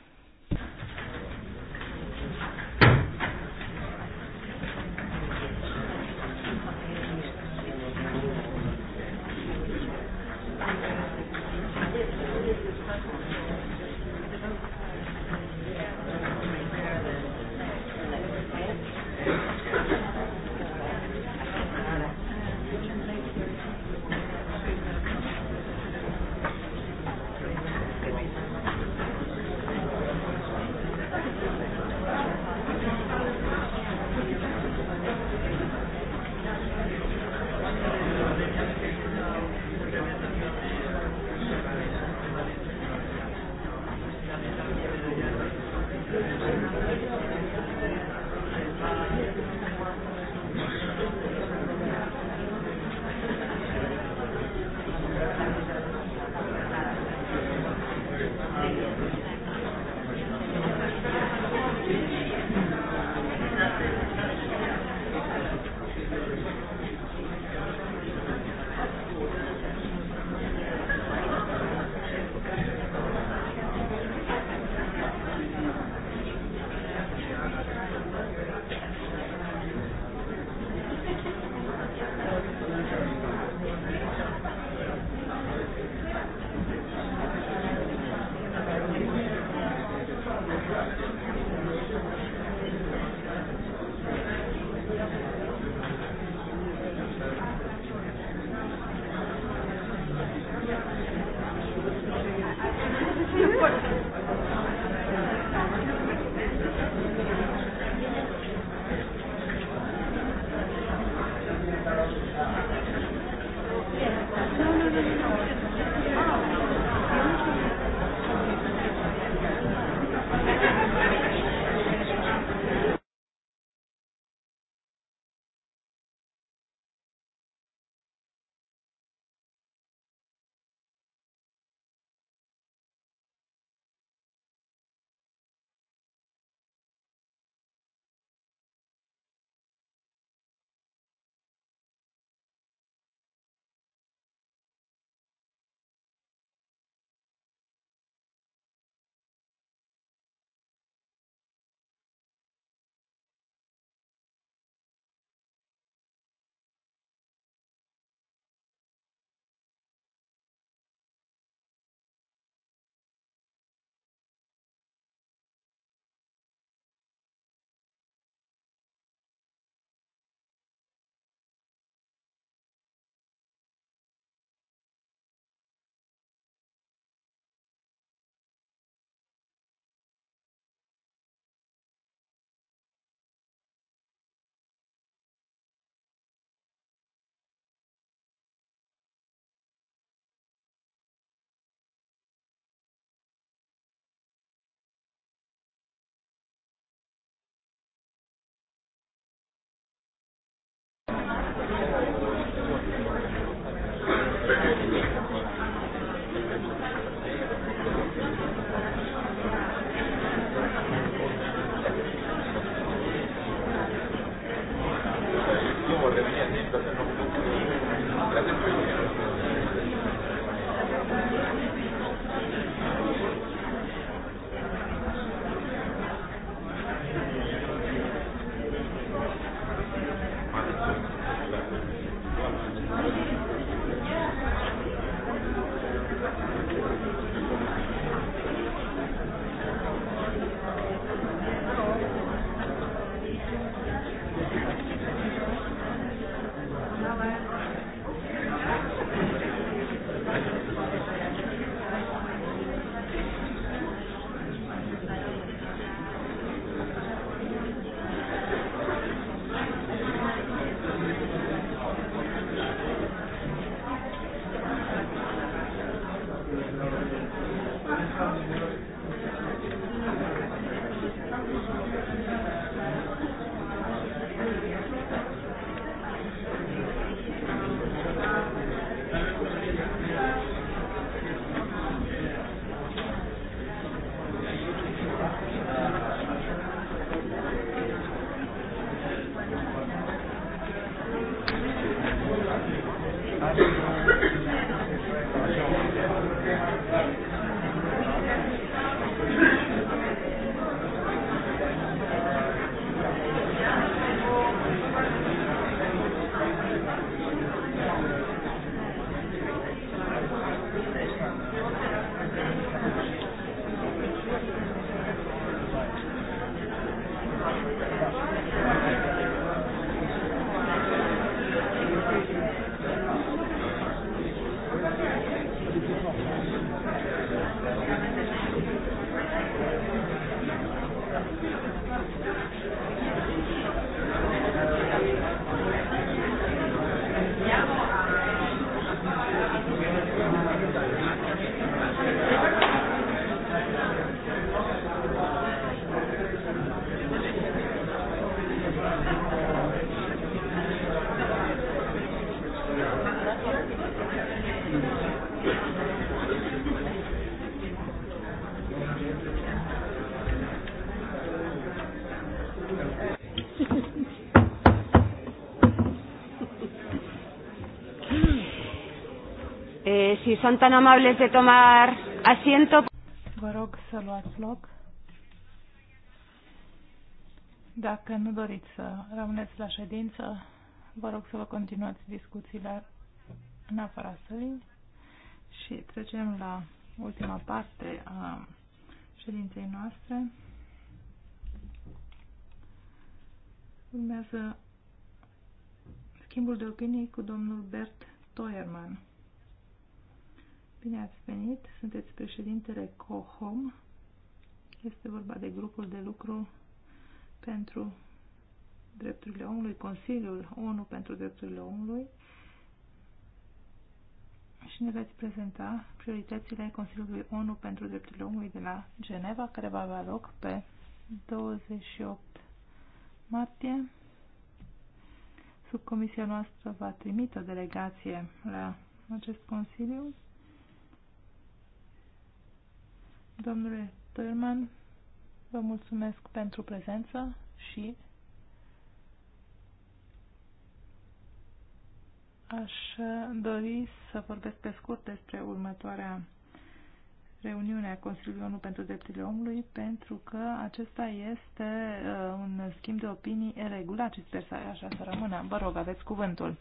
si son tan amables de tomar asiento. Vă rog să luați loc. Dacă nu doriți să rămâneți la ședință, vă rog să vă continuați discuțiile în afara sălii și trecem la ultima parte a ședinței noastre. Urmează schimbul de opinii cu domnul Bert Toierman. Bine ați venit. Sunteți președintele COHOM. Este vorba de grupul de lucru pentru drepturile omului, Consiliul ONU pentru drepturile omului și ne veți prezenta prioritățile Consiliului ONU pentru drepturile omului de la Geneva, care va avea loc pe 28 martie. Subcomisia noastră va trimite o delegație la acest Consiliu Domnule Tărman, vă mulțumesc pentru prezență și aș dori să vorbesc pe scurt despre următoarea reuniune a Consiliului ONU pentru Drepturile Omului, pentru că acesta este uh, un schimb de opinii regulat și sper să așa să rămână. Vă rog, aveți cuvântul.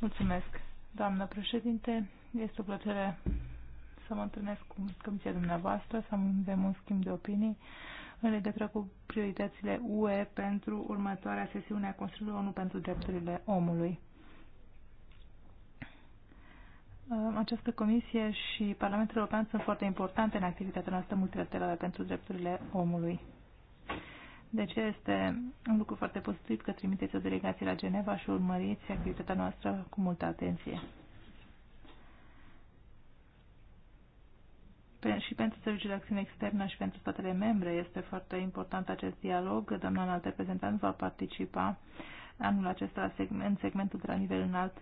Mulțumesc, doamnă președinte. Este o plăcere să mă întâlnesc cu comisia dumneavoastră, să avem un schimb de opinii în legătură cu prioritățile UE pentru următoarea sesiune a Consiliului ONU pentru drepturile omului. Această comisie și Parlamentul European sunt foarte importante în activitatea noastră multilaterală pentru drepturile omului. Deci este un lucru foarte pozitiv că trimiteți o delegație la Geneva și urmăriți activitatea noastră cu multă atenție. și pentru Serviciul de Acțiune Externă și pentru statele membre este foarte important acest dialog. Doamna înalt reprezentant va participa anul acesta în segmentul de la nivel înalt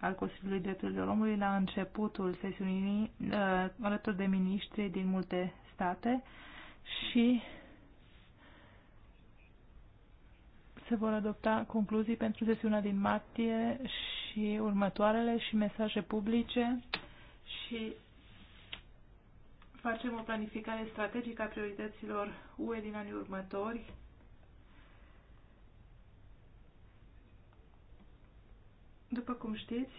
al Consiliului Drepturilor Omului la începutul sesiunii uh, alături de miniștri din multe state și se vor adopta concluzii pentru sesiunea din martie și următoarele și mesaje publice și facem o planificare strategică a priorităților UE din anii următori. După cum știți,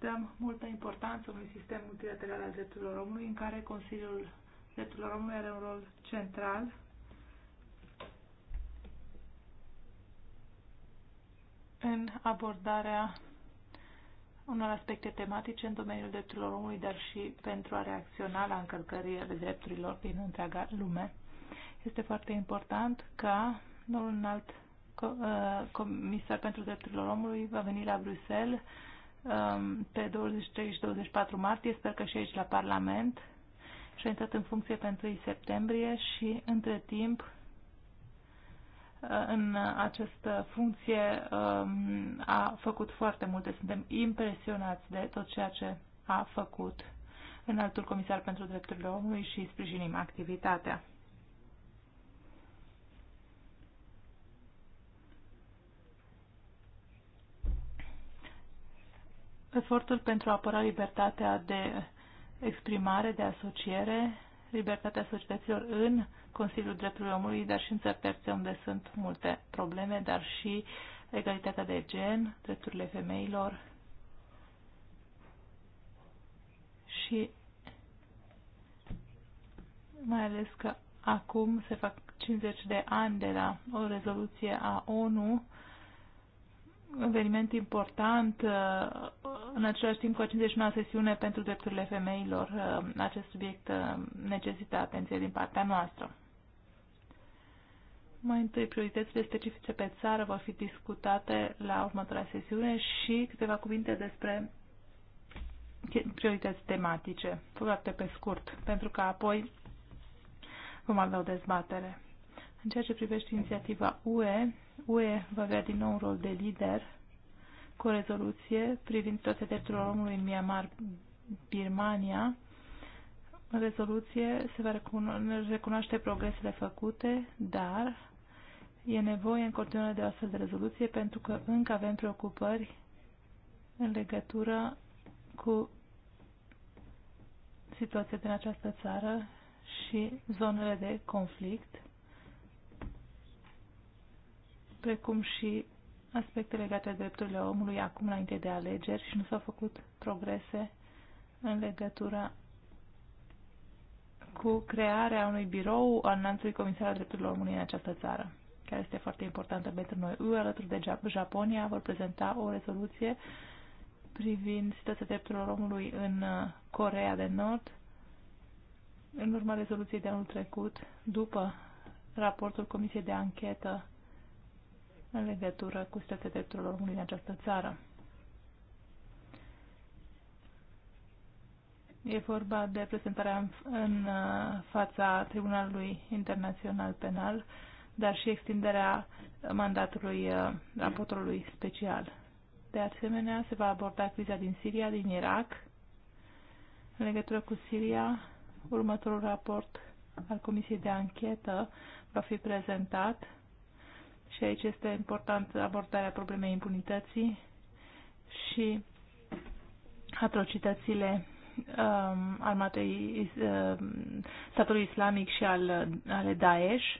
dăm multă importanță unui sistem multilateral al drepturilor omului în care Consiliul Drepturilor Omului are un rol central în abordarea unor aspecte tematice în domeniul drepturilor omului, dar și pentru a reacționa la încălcările drepturilor din întreaga lume. Este foarte important ca un înalt uh, comisar pentru drepturile omului va veni la Bruxelles um, pe 23 și 24 martie, sper că și aici la Parlament, și a intrat în funcție pe 1 septembrie și între timp în această funcție um, a făcut foarte multe. Suntem impresionați de tot ceea ce a făcut în altul comisar pentru drepturile omului și sprijinim activitatea. Efortul pentru a apăra libertatea de exprimare, de asociere, libertatea societăților în Consiliul Drepturilor Omului, dar și în țări terțe unde sunt multe probleme, dar și egalitatea de gen, drepturile femeilor și mai ales că acum se fac 50 de ani de la o rezoluție a ONU eveniment important, uh, în același timp cu a 51-a sesiune pentru drepturile femeilor. Uh, acest subiect uh, necesită atenție din partea noastră. Mai întâi, prioritățile specifice pe țară vor fi discutate la următoarea sesiune și câteva cuvinte despre priorități tematice, foarte pe scurt, pentru că apoi vom avea o dezbatere. În ceea ce privește inițiativa UE, UE va avea din nou un rol de lider cu o rezoluție privind situația drepturilor omului în Myanmar, Birmania. În rezoluție se va recuno- recunoaște progresele făcute, dar e nevoie în continuare de o astfel de rezoluție pentru că încă avem preocupări în legătură cu situația din această țară și zonele de conflict precum și aspecte legate de drepturile omului acum înainte de alegeri și nu s-au făcut progrese în legătură cu crearea unui birou al înaltului comisar al drepturilor omului în această țară, care este foarte importantă pentru noi. UE, alături de Japonia, vor prezenta o rezoluție privind situația drepturilor omului în uh, Corea de Nord, în urma rezoluției de anul trecut, după raportul Comisiei de Anchetă în legătură cu statele drepturilor omului în această țară. E vorba de prezentarea în, în uh, fața Tribunalului Internațional Penal, dar și extinderea mandatului uh, raportorului special. De asemenea, se va aborda criza din Siria, din Irak. În legătură cu Siria, următorul raport al Comisiei de Anchetă va fi prezentat și aici este important abordarea problemei impunității și atrocitățile um, armatei uh, statului islamic și al, ale Daesh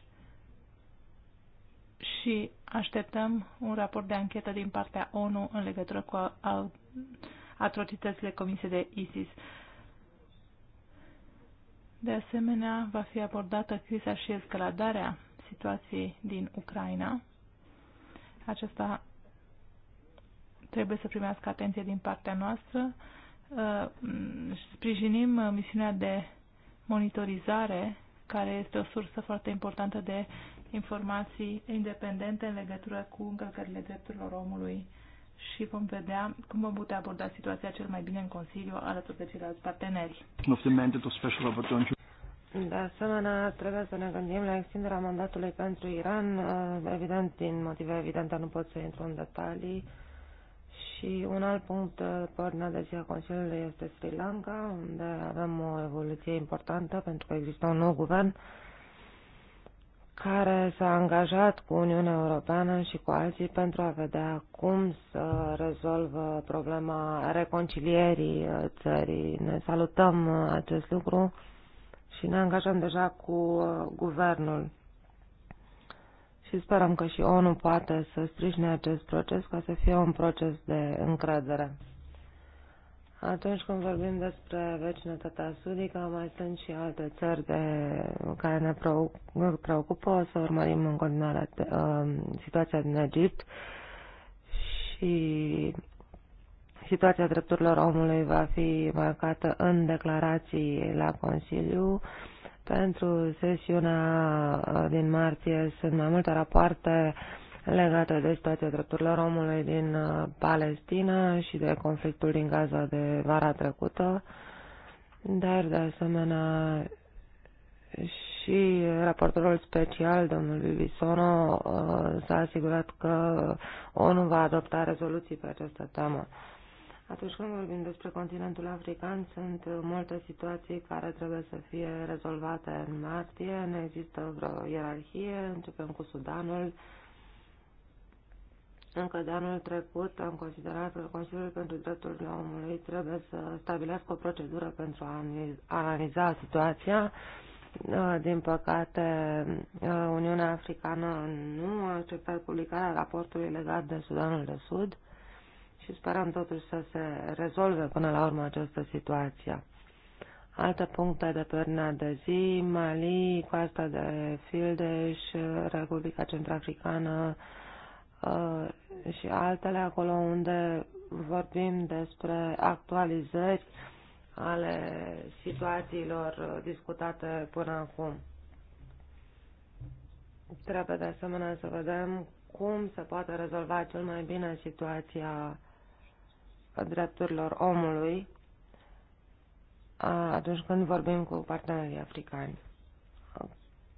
și așteptăm un raport de anchetă din partea ONU în legătură cu atrocitățile comise de ISIS. De asemenea, va fi abordată criza și escaladarea situației din Ucraina. Aceasta trebuie să primească atenție din partea noastră. Uh, sprijinim misiunea de monitorizare, care este o sursă foarte importantă de informații independente în legătură cu încălcările drepturilor omului și vom vedea cum vom putea aborda situația cel mai bine în Consiliu alături de ceilalți parteneri. De asemenea, trebuie să ne gândim la extinderea mandatului pentru Iran. Uh, evident, din motive evidente nu pot să intru în detalii. Și un alt punct uh, pe ordinea de zi a Consiliului este Sri Lanka, unde avem o evoluție importantă pentru că există un nou guvern care s-a angajat cu Uniunea Europeană și cu alții pentru a vedea cum să rezolvă problema reconcilierii uh, țării. Ne salutăm acest lucru și ne angajăm deja cu uh, guvernul. Și sperăm că și ONU poate să sprijine acest proces ca să fie un proces de încredere. Atunci când vorbim despre vecinătatea sudică, mai sunt și alte țări de, care ne preocupă. O să urmărim în continuare uh, situația din Egipt și situația drepturilor omului va fi marcată în declarații la Consiliu. Pentru sesiunea din martie sunt mai multe rapoarte legate de situația drepturilor omului din uh, Palestina și de conflictul din Gaza de vara trecută, dar de asemenea și raportorul special, domnul Bibisono, uh, s-a asigurat că ONU va adopta rezoluții pe această temă. Atunci când vorbim despre continentul african, sunt multe situații care trebuie să fie rezolvate în martie. Nu există vreo ierarhie. Începem cu Sudanul. Încă de anul trecut am considerat că Consiliul pentru Drepturile Omului trebuie să stabilească o procedură pentru a analiza situația. Uh, din păcate, uh, Uniunea Africană nu a acceptat publicarea raportului legat de Sudanul de Sud și sperăm totuși să se rezolve până la urmă această situație. Alte puncte de pe ordinea de zi, Mali, coasta de Fildeș, Republica Centrafricană uh, și altele, acolo unde vorbim despre actualizări ale situațiilor discutate până acum. Trebuie de asemenea să vedem cum se poate rezolva cel mai bine situația drepturilor omului atunci când vorbim cu partenerii africani.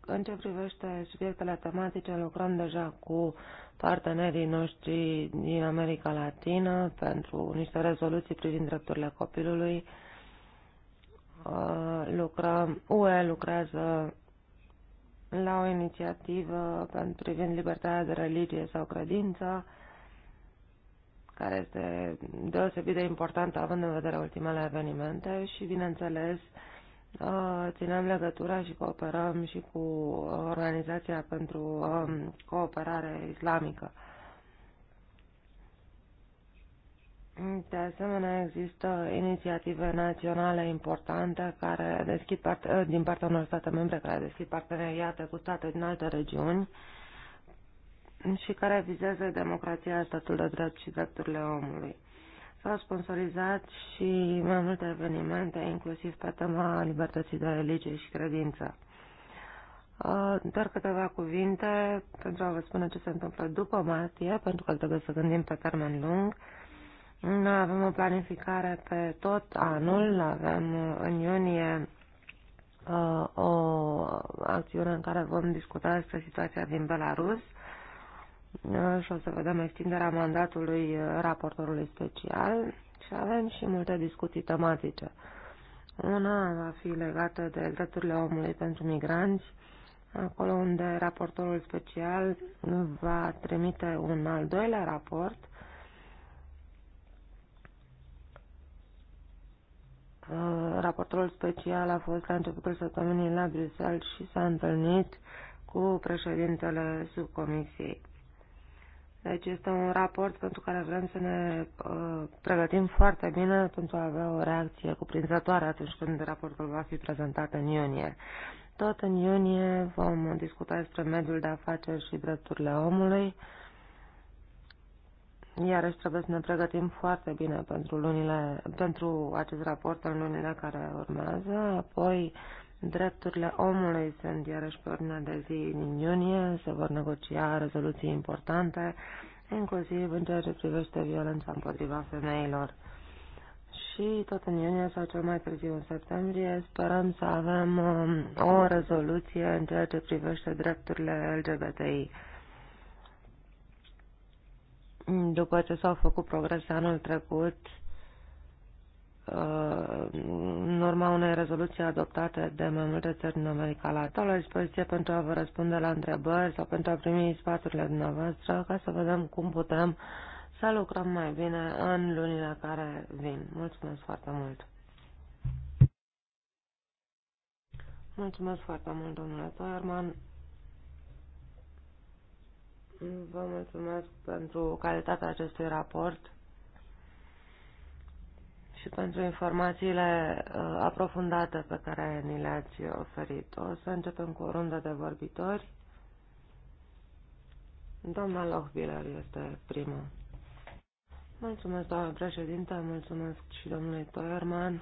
În ce privește subiectele tematice, lucrăm deja cu partenerii noștri din America Latină pentru niște rezoluții privind drepturile copilului. Lucrăm, UE lucrează la o inițiativă privind libertatea de religie sau credință care este deosebit de importantă având în vedere ultimele evenimente și, bineînțeles, uh, ținem legătura și cooperăm și cu Organizația pentru um, Cooperare Islamică. De asemenea, există inițiative naționale importante care deschid part- din partea unor state membre care deschid parteneriate cu state din alte regiuni și care vizează democrația, statul de drept și drepturile omului. S-au sponsorizat și mai multe evenimente, inclusiv pe tema libertății de religie și credință. Uh, doar câteva cuvinte pentru a vă spune ce se întâmplă după martie, pentru că trebuie să gândim pe termen lung. Noi avem o planificare pe tot anul, avem în iunie uh, o acțiune în care vom discuta despre situația din Belarus Uh, și o să vedem extinderea mandatului uh, raportorului special și avem și multe discuții tematice. Una va fi legată de drepturile omului pentru migranți, acolo unde raportorul special va trimite un al doilea raport uh, Raportorul special a fost la începutul săptămânii la Bruxelles și s-a întâlnit cu președintele subcomisiei. Deci este un raport pentru care vrem să ne uh, pregătim foarte bine pentru a avea o reacție cuprinzătoare atunci când raportul va fi prezentat în iunie. Tot în iunie vom discuta despre mediul de afaceri și drepturile omului. Iarăși trebuie să ne pregătim foarte bine pentru, lunile, pentru acest raport în lunile care urmează. Apoi uh, Drepturile omului sunt iarăși pe ordinea de zi din iunie, se vor negocia rezoluții importante, inclusiv în ceea ce privește violența împotriva femeilor. Și tot în iunie sau cel mai târziu în septembrie sperăm să avem um, o rezoluție în ceea ce privește drepturile LGBTI. După ce s-au făcut progrese anul trecut, în urma unei rezoluții adoptate de mai multe țări din America Latină la dispoziție pentru a vă răspunde la întrebări sau pentru a primi sfaturile dumneavoastră ca să vedem cum putem să lucrăm mai bine în lunile care vin. Mulțumesc foarte mult! Mulțumesc foarte mult, domnule Toierman. Vă mulțumesc pentru calitatea acestui raport și pentru informațiile uh, aprofundate pe care ni le-ați oferit. O să începem cu o rundă de vorbitori. Doamna Lohbiller este prima. Mulțumesc, doamnă președinte, mulțumesc și domnului Toierman.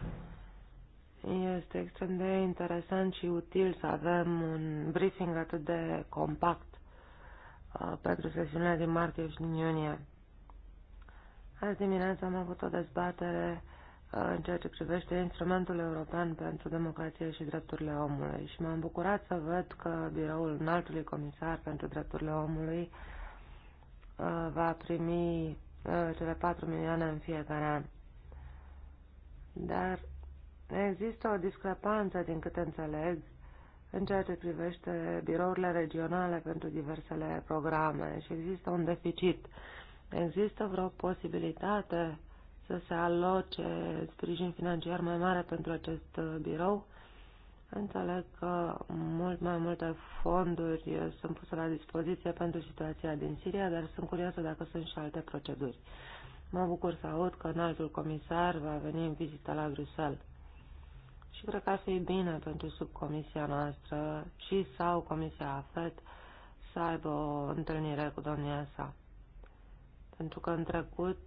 Este extrem de interesant și util să avem un briefing atât de compact uh, pentru sesiunea din martie și din iunie. Azi dimineața am avut o dezbatere Uh, în ceea ce privește instrumentul european pentru democrație și drepturile omului și m-am bucurat să văd că biroul înaltului comisar pentru drepturile omului uh, va primi uh, cele 4 milioane în fiecare an. Dar există o discrepanță, din câte înțeleg, în ceea ce privește birourile regionale pentru diversele programe și există un deficit. Există vreo posibilitate să se aloce sprijin financiar mai mare pentru acest uh, birou. Înțeleg că mult mai multe fonduri uh, sunt puse la dispoziție pentru situația din Siria, dar sunt curioasă dacă sunt și alte proceduri. Mă bucur să aud că înaltul comisar va veni în vizită la Bruxelles. Și cred că ar fi bine pentru subcomisia noastră și sau comisia AFET să aibă o întâlnire cu domnia sa. Pentru că în trecut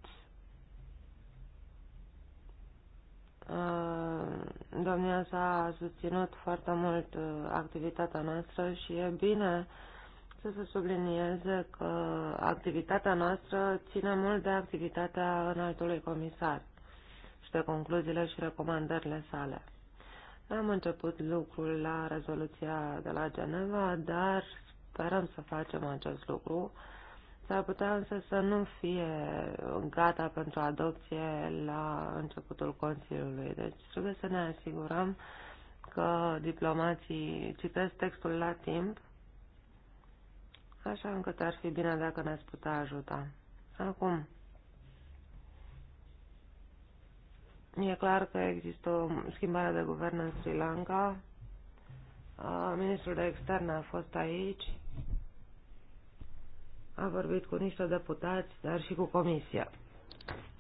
Uh, domnia sa a susținut foarte mult uh, activitatea noastră și e bine să se sublinieze că activitatea noastră ține mult de activitatea înaltului comisar și de concluziile și recomandările sale. Am început lucrul la rezoluția de la Geneva, dar sperăm să facem acest lucru S-ar putea însă să nu fie gata pentru adopție la începutul Consiliului. Deci trebuie să ne asigurăm că diplomații citesc textul la timp, așa încât ar fi bine dacă ne-ați putea ajuta. Acum, e clar că există o schimbare de guvern în Sri Lanka. Ministrul de Externe a fost aici a vorbit cu niște deputați, dar și cu Comisia.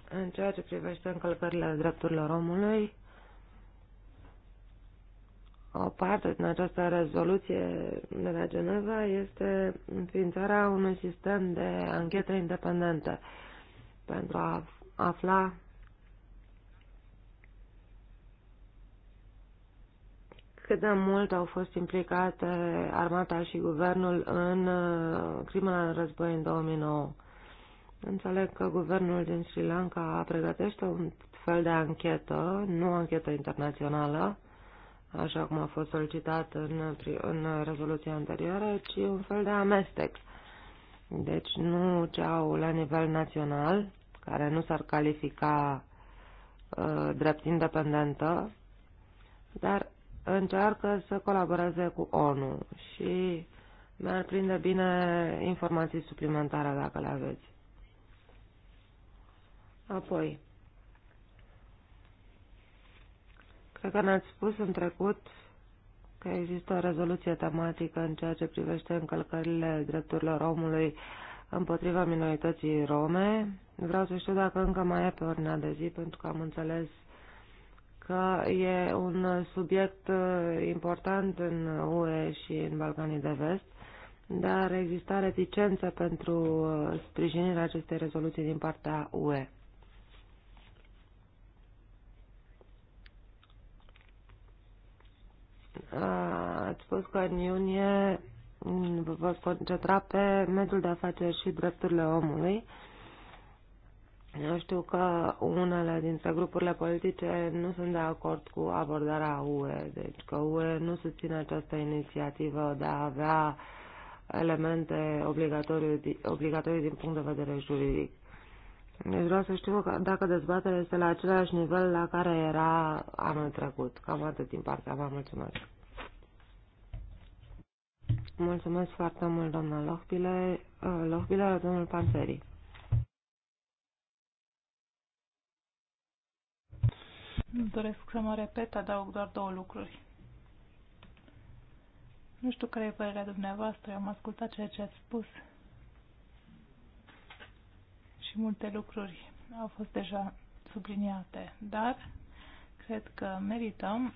În ceea ce privește încălcările drepturilor omului, o parte din această rezoluție de la Geneva este înființarea unui sistem de anchetă independentă pentru a afla cât de mult au fost implicate armata și guvernul în uh, crimă în război în 2009. Înțeleg că guvernul din Sri Lanka pregătește un fel de anchetă, nu anchetă internațională, așa cum a fost solicitat în, în rezoluția anterioară, ci un fel de amestec. Deci nu ce au la nivel național, care nu s-ar califica uh, drept independentă, dar încearcă să colaboreze cu ONU și mi-ar prinde bine informații suplimentare dacă le aveți. Apoi, cred că ne-ați spus în trecut că există o rezoluție tematică în ceea ce privește încălcările drepturilor omului împotriva minorității rome. Vreau să știu dacă încă mai e pe ordinea de zi, pentru că am înțeles că e un subiect uh, important în UE și în Balcanii de Vest, dar exista reticență pentru uh, sprijinirea acestei rezoluții din partea UE. Uh, ați spus că în iunie mm, vă concentra pe mediul de afaceri și drepturile omului. Eu știu că unele dintre grupurile politice nu sunt de acord cu abordarea UE, deci că UE nu susține această inițiativă de a avea elemente obligatorii, obligatorii din punct de vedere juridic. Deci vreau să știu că dacă dezbaterea este la același nivel la care era anul trecut. Cam atât din partea mea. Mulțumesc. Mulțumesc foarte mult, doamna Lohbile, Lohbile domnul Panțerii. Nu doresc să mă repet, adaug doar două lucruri. Nu știu care e părerea dumneavoastră, am ascultat ceea ce ați spus și multe lucruri au fost deja subliniate, dar cred că merităm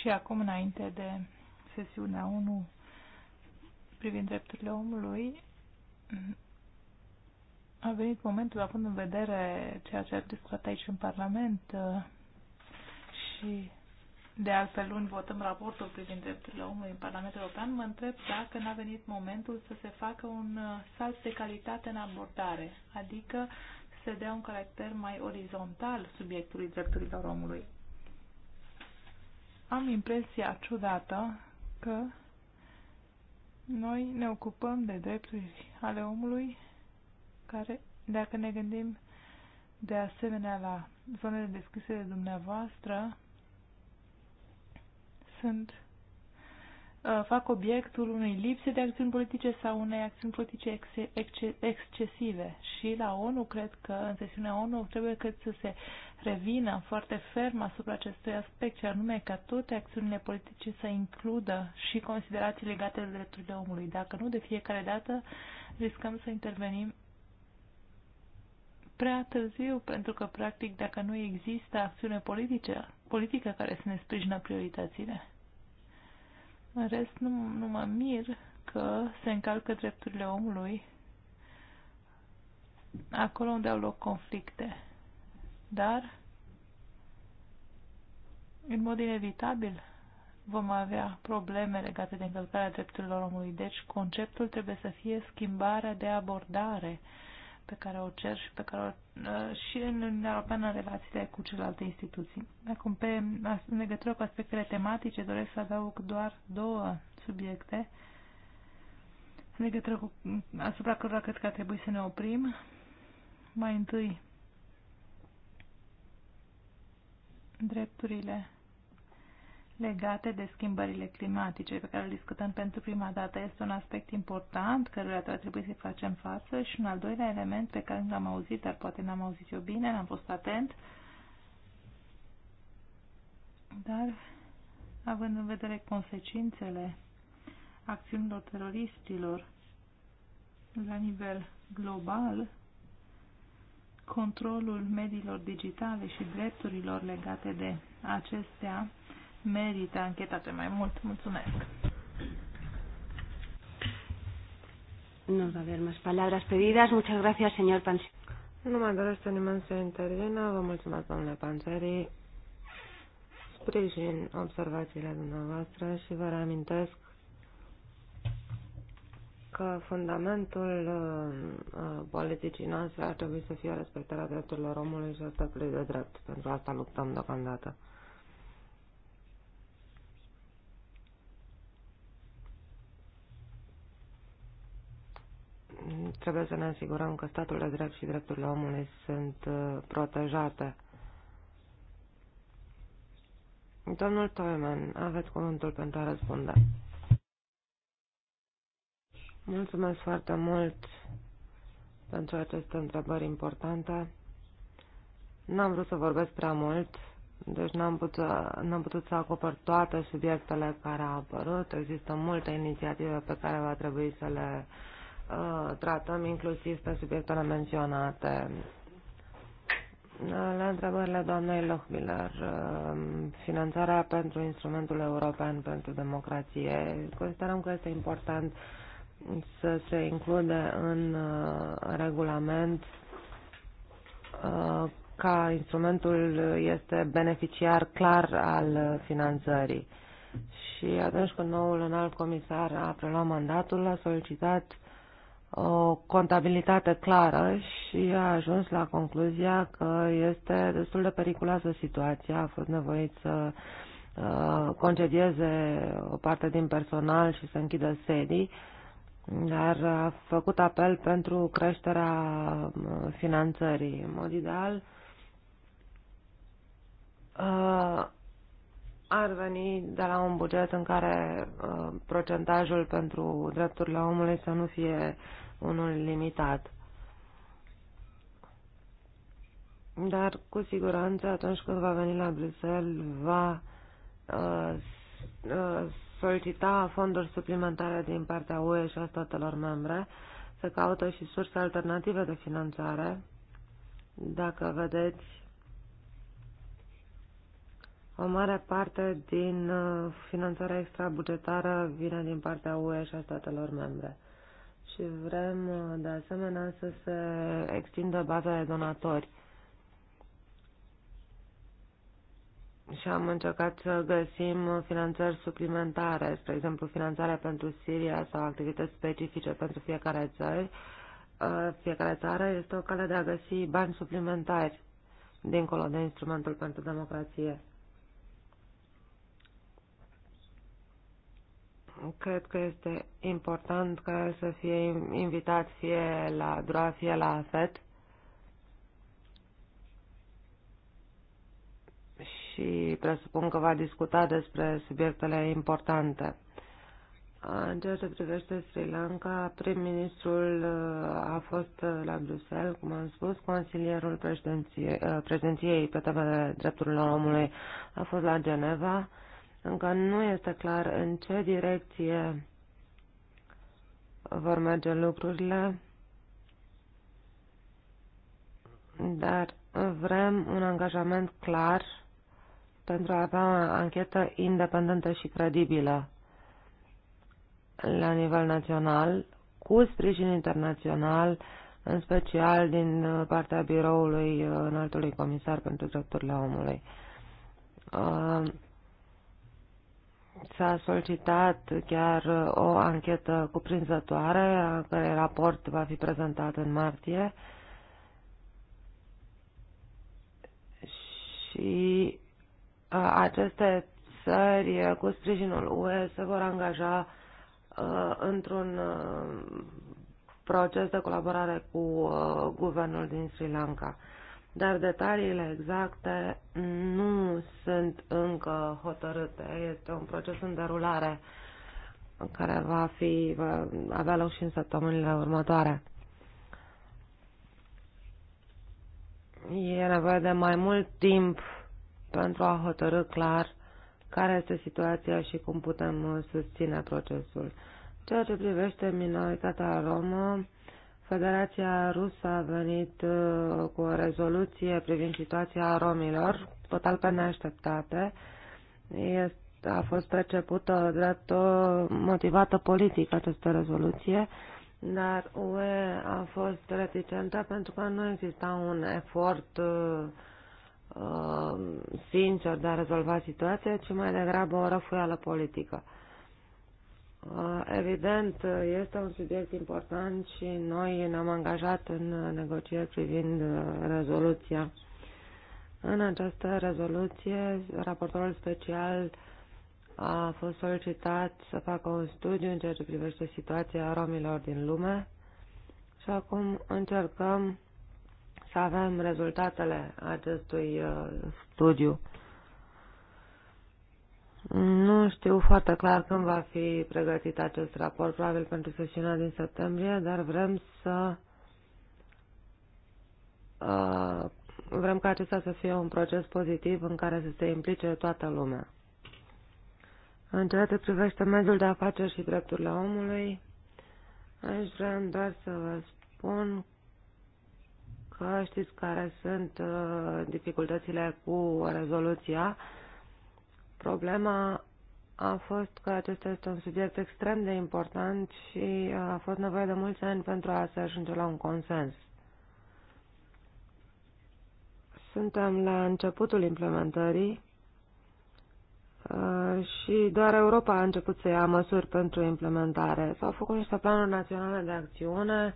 și acum înainte de sesiunea 1 privind drepturile omului a venit momentul, având în vedere ceea ce a discutat aici în Parlament uh, și de altfel luni votăm raportul privind drepturile omului în Parlamentul European, mă întreb dacă n-a venit momentul să se facă un uh, salt de calitate în abordare, adică să dea un caracter mai orizontal subiectului drepturilor omului. Am impresia ciudată că noi ne ocupăm de drepturi ale omului care, dacă ne gândim de asemenea la zonele deschise de dumneavoastră, sunt uh, fac obiectul unei lipse de acțiuni politice sau unei acțiuni politice ex ex excesive. Și la ONU, cred că în sesiunea ONU trebuie cât să se revină foarte ferm asupra acestui aspect, și anume ca toate acțiunile politice să includă și considerații legate de drepturile omului. Dacă nu, de fiecare dată riscăm să intervenim prea târziu, pentru că, practic, dacă nu există acțiune politică, politică care să ne sprijină prioritățile. În rest, nu, nu mă mir că se încalcă drepturile omului acolo unde au loc conflicte. Dar, în mod inevitabil, vom avea probleme legate de încălcarea drepturilor omului. Deci, conceptul trebuie să fie schimbarea de abordare pe care o cer și pe care o, uh, și în Uniunea Europeană în relațiile cu celelalte instituții. Acum, pe, în legătură cu aspectele tematice, doresc să adaug doar două subiecte în legătură cu, asupra cărora cred că ar trebui să ne oprim. Mai întâi, drepturile legate de schimbările climatice pe care le discutăm pentru prima dată. Este un aspect important căruia trebuie să-i facem față și un al doilea element pe care nu l-am auzit, dar poate n-am auzit eu bine, n-am fost atent, dar având în vedere consecințele acțiunilor teroristilor la nivel global, controlul mediilor digitale și drepturilor legate de acestea merită anchetate mai mult. Mulțumesc! No va a haber más palabras pedidas. Muchas gracias, señor Panseri. Nu mai dorește nimeni să intervină. Vă mulțumesc, domnule Panseri. Sprijin observațiile dumneavoastră și vă reamintesc că fundamentul uh, uh, politicii noastre ar trebui să fie respectarea drepturilor omului și a statului de drept. Pentru asta luptăm deocamdată. trebuie să ne asigurăm că statul de drept și drepturile omului sunt uh, protejate. Domnul Toyman, aveți cuvântul pentru a răspunde. Mulțumesc foarte mult pentru aceste întrebări importante. N-am vrut să vorbesc prea mult, deci n-am putut, n-am putut să acopăr toate subiectele care au apărut. Există multe inițiative pe care va trebui să le uh, Uh, tratăm inclusiv pe subiectele menționate. Uh, la întrebările doamnei Lochbiller, uh, finanțarea pentru instrumentul european pentru democrație, considerăm că este important să se include în regulament ca instrumentul este beneficiar clar al finanțării. Și atunci când noul înalt comisar a preluat mandatul, a solicitat o contabilitate clară și a ajuns la concluzia că este destul de periculoasă situația. A fost nevoit să uh, concedieze o parte din personal și să închidă sedii, dar a făcut apel pentru creșterea uh, finanțării. În mod ideal, uh, ar veni de la un buget în care procentajul pentru drepturile omului să nu fie unul limitat. Dar, cu siguranță, atunci când va veni la Bruxelles, va uh, uh, solicita fonduri suplimentare din partea UE și a statelor membre, să caută și surse alternative de finanțare. Dacă vedeți, o mare parte din uh, finanțarea extrabugetară vine din partea UE și a statelor membre și vrem de asemenea să se extindă baza de donatori. Și am încercat să găsim finanțări suplimentare, spre exemplu finanțarea pentru Siria sau activități specifice pentru fiecare țară. Fiecare țară este o cale de a găsi bani suplimentari dincolo de instrumentul pentru democrație. Cred că este important ca el să fie invitat fie la DROA, fie la AFET. Și presupun că va discuta despre subiectele importante. În ceea ce privește Sri Lanka, prim-ministrul uh, a fost uh, la Bruxelles, cum am spus, consilierul uh, președinției pe temele drepturilor omului a fost la Geneva încă nu este clar în ce direcție vor merge lucrurile, dar vrem un angajament clar pentru a avea o anchetă independentă și credibilă la nivel național, cu sprijin internațional, în special din partea biroului înaltului comisar pentru drepturile omului. Uh, S-a solicitat chiar o anchetă cuprinzătoare, a cărei raport va fi prezentat în martie. Și uh, aceste țări, uh, cu sprijinul UE, se vor angaja uh, într-un proces de colaborare cu guvernul din Sri Lanka dar detaliile exacte nu sunt încă hotărâte. Este un proces în derulare care va, fi, va avea loc și în săptămânile următoare. E nevoie de mai mult timp pentru a hotărâ clar care este situația și cum putem susține procesul. Ceea ce privește minoritatea romă, Federația Rusă a venit uh, cu o rezoluție privind situația romilor, total pe neașteptate. Este, a fost precepută drept o uh, motivată politică această rezoluție, dar UE a fost reticentă pentru că nu exista un efort uh, uh sincer de a rezolva situația, ci mai degrabă o răfuială politică. Uh, Uh, evident, uh, este un subiect important și noi ne-am angajat în uh, negocieri privind rezoluția. În această rezoluție, raportorul special a fost solicitat să facă un studiu în ceea ce privește situația romilor din lume și acum încercăm să avem rezultatele acestui studiu nu știu foarte clar când va fi pregătit acest raport, probabil pentru sesiunea din septembrie, dar vrem să uh, vrem ca acesta să fie un proces pozitiv în care să se implice toată lumea. În ceea ce privește mediul de afaceri și drepturile omului, aș vrea doar să vă spun că știți care sunt uh, dificultățile cu rezoluția Problema a fost că acesta este un subiect extrem de important și uh, a fost nevoie de mulți ani pentru a se ajunge la un consens. Suntem la începutul implementării uh, și doar Europa a început să ia măsuri pentru implementare. S-au făcut niște planuri naționale de acțiune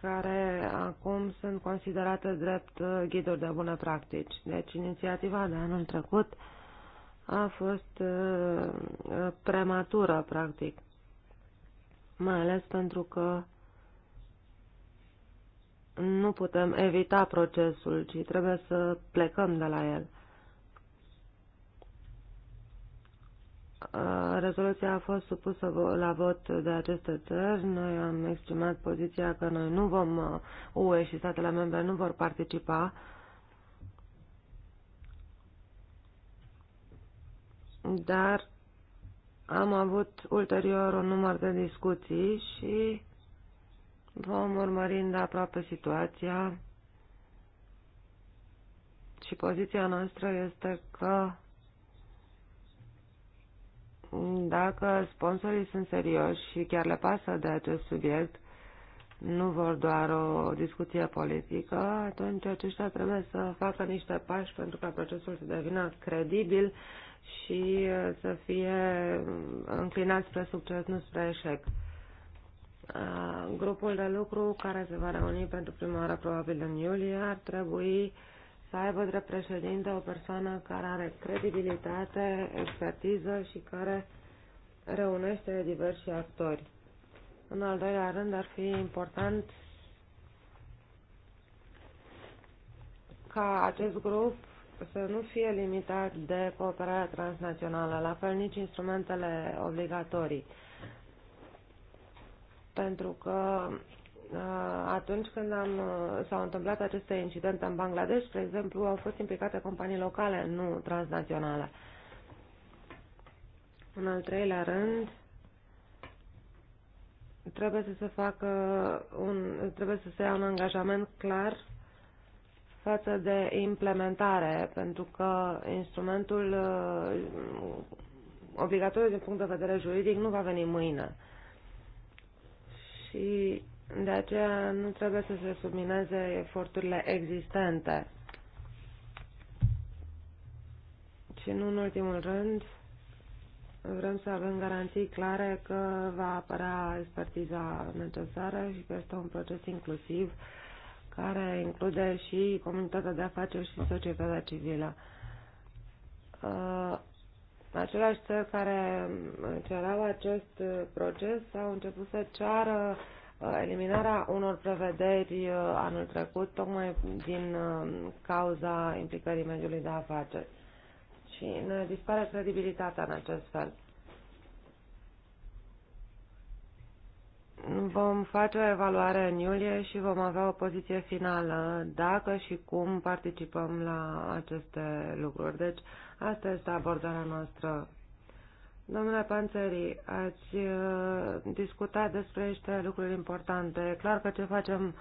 care acum sunt considerate drept uh, ghiduri de bune practici. Deci inițiativa de anul trecut uh, a fost uh, prematură, practic. Mai ales pentru că nu putem evita procesul, ci trebuie să plecăm de la el. Rezoluția a fost supusă la vot de aceste țări. Noi am exprimat poziția că noi nu vom, UE uh, și statele membre nu vor participa dar am avut ulterior un număr de discuții și vom urmări de aproape situația și poziția noastră este că dacă sponsorii sunt serioși și chiar le pasă de acest subiect, nu vor doar o discuție politică, atunci aceștia trebuie să facă niște pași pentru ca procesul să devină credibil și uh, să fie uh, înclinat spre succes, nu spre eșec. Uh, grupul de lucru care se va reuni pentru prima oară probabil în iulie ar trebui să aibă drept președinte o persoană care are credibilitate, expertiză și care reunește diversi actori. În al doilea rând, ar fi important ca acest grup să nu fie limitat de cooperarea transnațională, la fel nici instrumentele obligatorii. Pentru că uh, atunci când uh, s-au întâmplat aceste incidente în Bangladesh, de exemplu, au fost implicate companii locale, nu transnaționale. În al treilea rând, trebuie să se facă un, trebuie să se ia un angajament clar față de implementare, pentru că instrumentul uh, obligatoriu din punct de vedere juridic nu va veni mâine. Și de aceea nu trebuie să se submineze eforturile existente. Și nu în ultimul rând, Vrem să avem garanții clare că va apărea expertiza necesară și că este un proces inclusiv care include și comunitatea de afaceri și societatea civilă. Uh, Același țări care cereau acest proces au început să ceară uh, eliminarea unor prevederi uh, anul trecut, tocmai din cauza implicării mediului de afaceri și ne dispare credibilitatea în acest fel. Vom face o evaluare în iulie și vom avea o poziție finală dacă și cum participăm la aceste lucruri. Deci, asta este abordarea noastră. Domnule Panțeri, ați uh, discutat despre niște lucruri importante. E clar că ce facem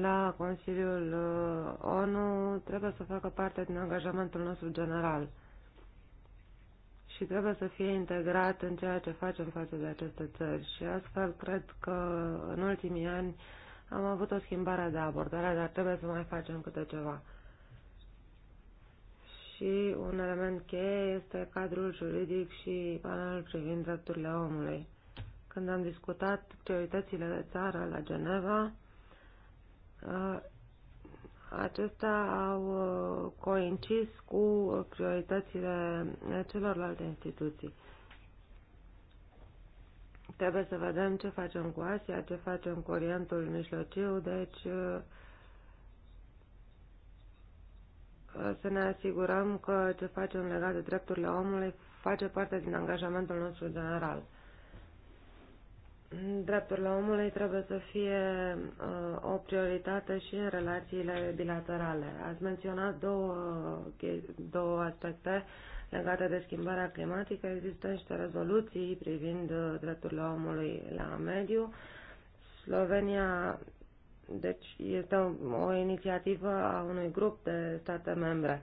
la Consiliul uh, ONU trebuie să facă parte din angajamentul nostru general și trebuie să fie integrat în ceea ce facem față de aceste țări. Și astfel cred că în ultimii ani am avut o schimbare de abordare, dar trebuie să mai facem câte ceva. Și un element cheie este cadrul juridic și panelul privind drepturile omului. Când am discutat prioritățile de țară la Geneva, Uh, acestea au uh, coincis cu prioritățile celorlalte instituții. Trebuie să vedem ce facem cu Asia, ce facem cu Orientul Mijlociu, deci uh, să ne asigurăm că ce facem legat de drepturile omului face parte din angajamentul nostru general drepturile omului trebuie să fie uh, o prioritate și în relațiile bilaterale. Ați menționat două, două aspecte legate de schimbarea climatică. Există niște rezoluții privind uh, drepturile omului la mediu. Slovenia deci este o, o inițiativă a unui grup de state membre.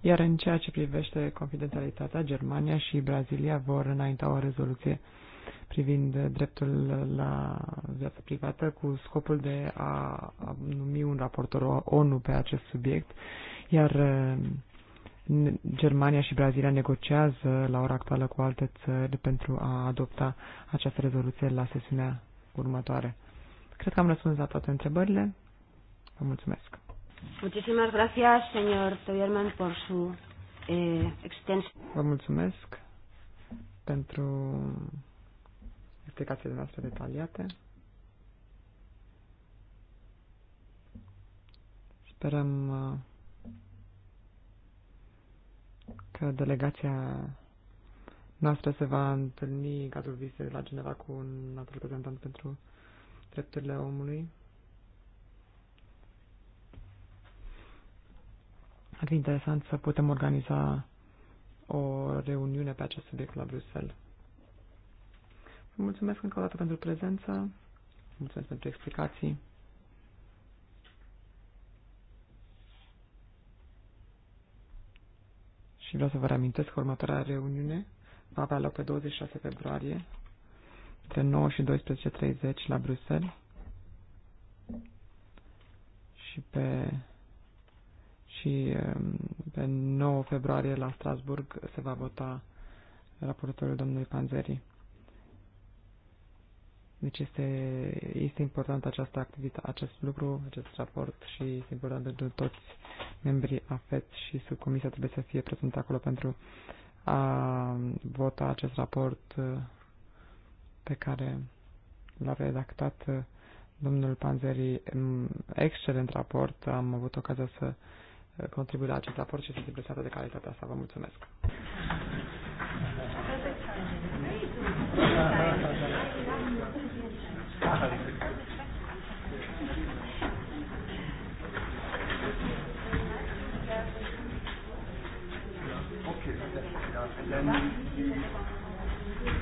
Iar în ceea ce privește confidențialitatea, Germania și Brazilia vor înainta o rezoluție privind dreptul la viață privată cu scopul de a numi un raportor ONU pe acest subiect, iar uh, Germania și Brazilia negociază la ora actuală cu alte țări pentru a adopta această rezoluție la sesiunea următoare. Cred că am răspuns la toate întrebările. Vă mulțumesc. Muchísimas gracias, señor Toyerman, por su eh, extensión. Vă mulțumesc pentru explicațiile noastre detaliate. Sperăm uh, că delegația noastră se va întâlni în cadrul vizitei la Geneva cu un alt reprezentant pentru drepturile omului. Ar fi interesant să putem organiza o reuniune pe acest subiect la Bruxelles. Mulțumesc încă o dată pentru prezență. Mulțumesc pentru explicații. Și vreau să vă reamintesc că următoarea reuniune va avea loc pe 26 februarie, între 9 și 12.30 la Bruxelles. Și pe, și um, pe 9 februarie la Strasburg se va vota raportorul domnului Panzeri. Deci este, este important această activitate, acest lucru, acest raport și este important pentru toți membrii AFET și subcomisia trebuie să fie prezent acolo pentru a vota acest raport uh, pe care l-a redactat uh, domnul Panzeri. Excelent raport, am avut ocazia să uh, contribui la acest raport și sunt impresionată de calitatea asta Vă mulțumesc!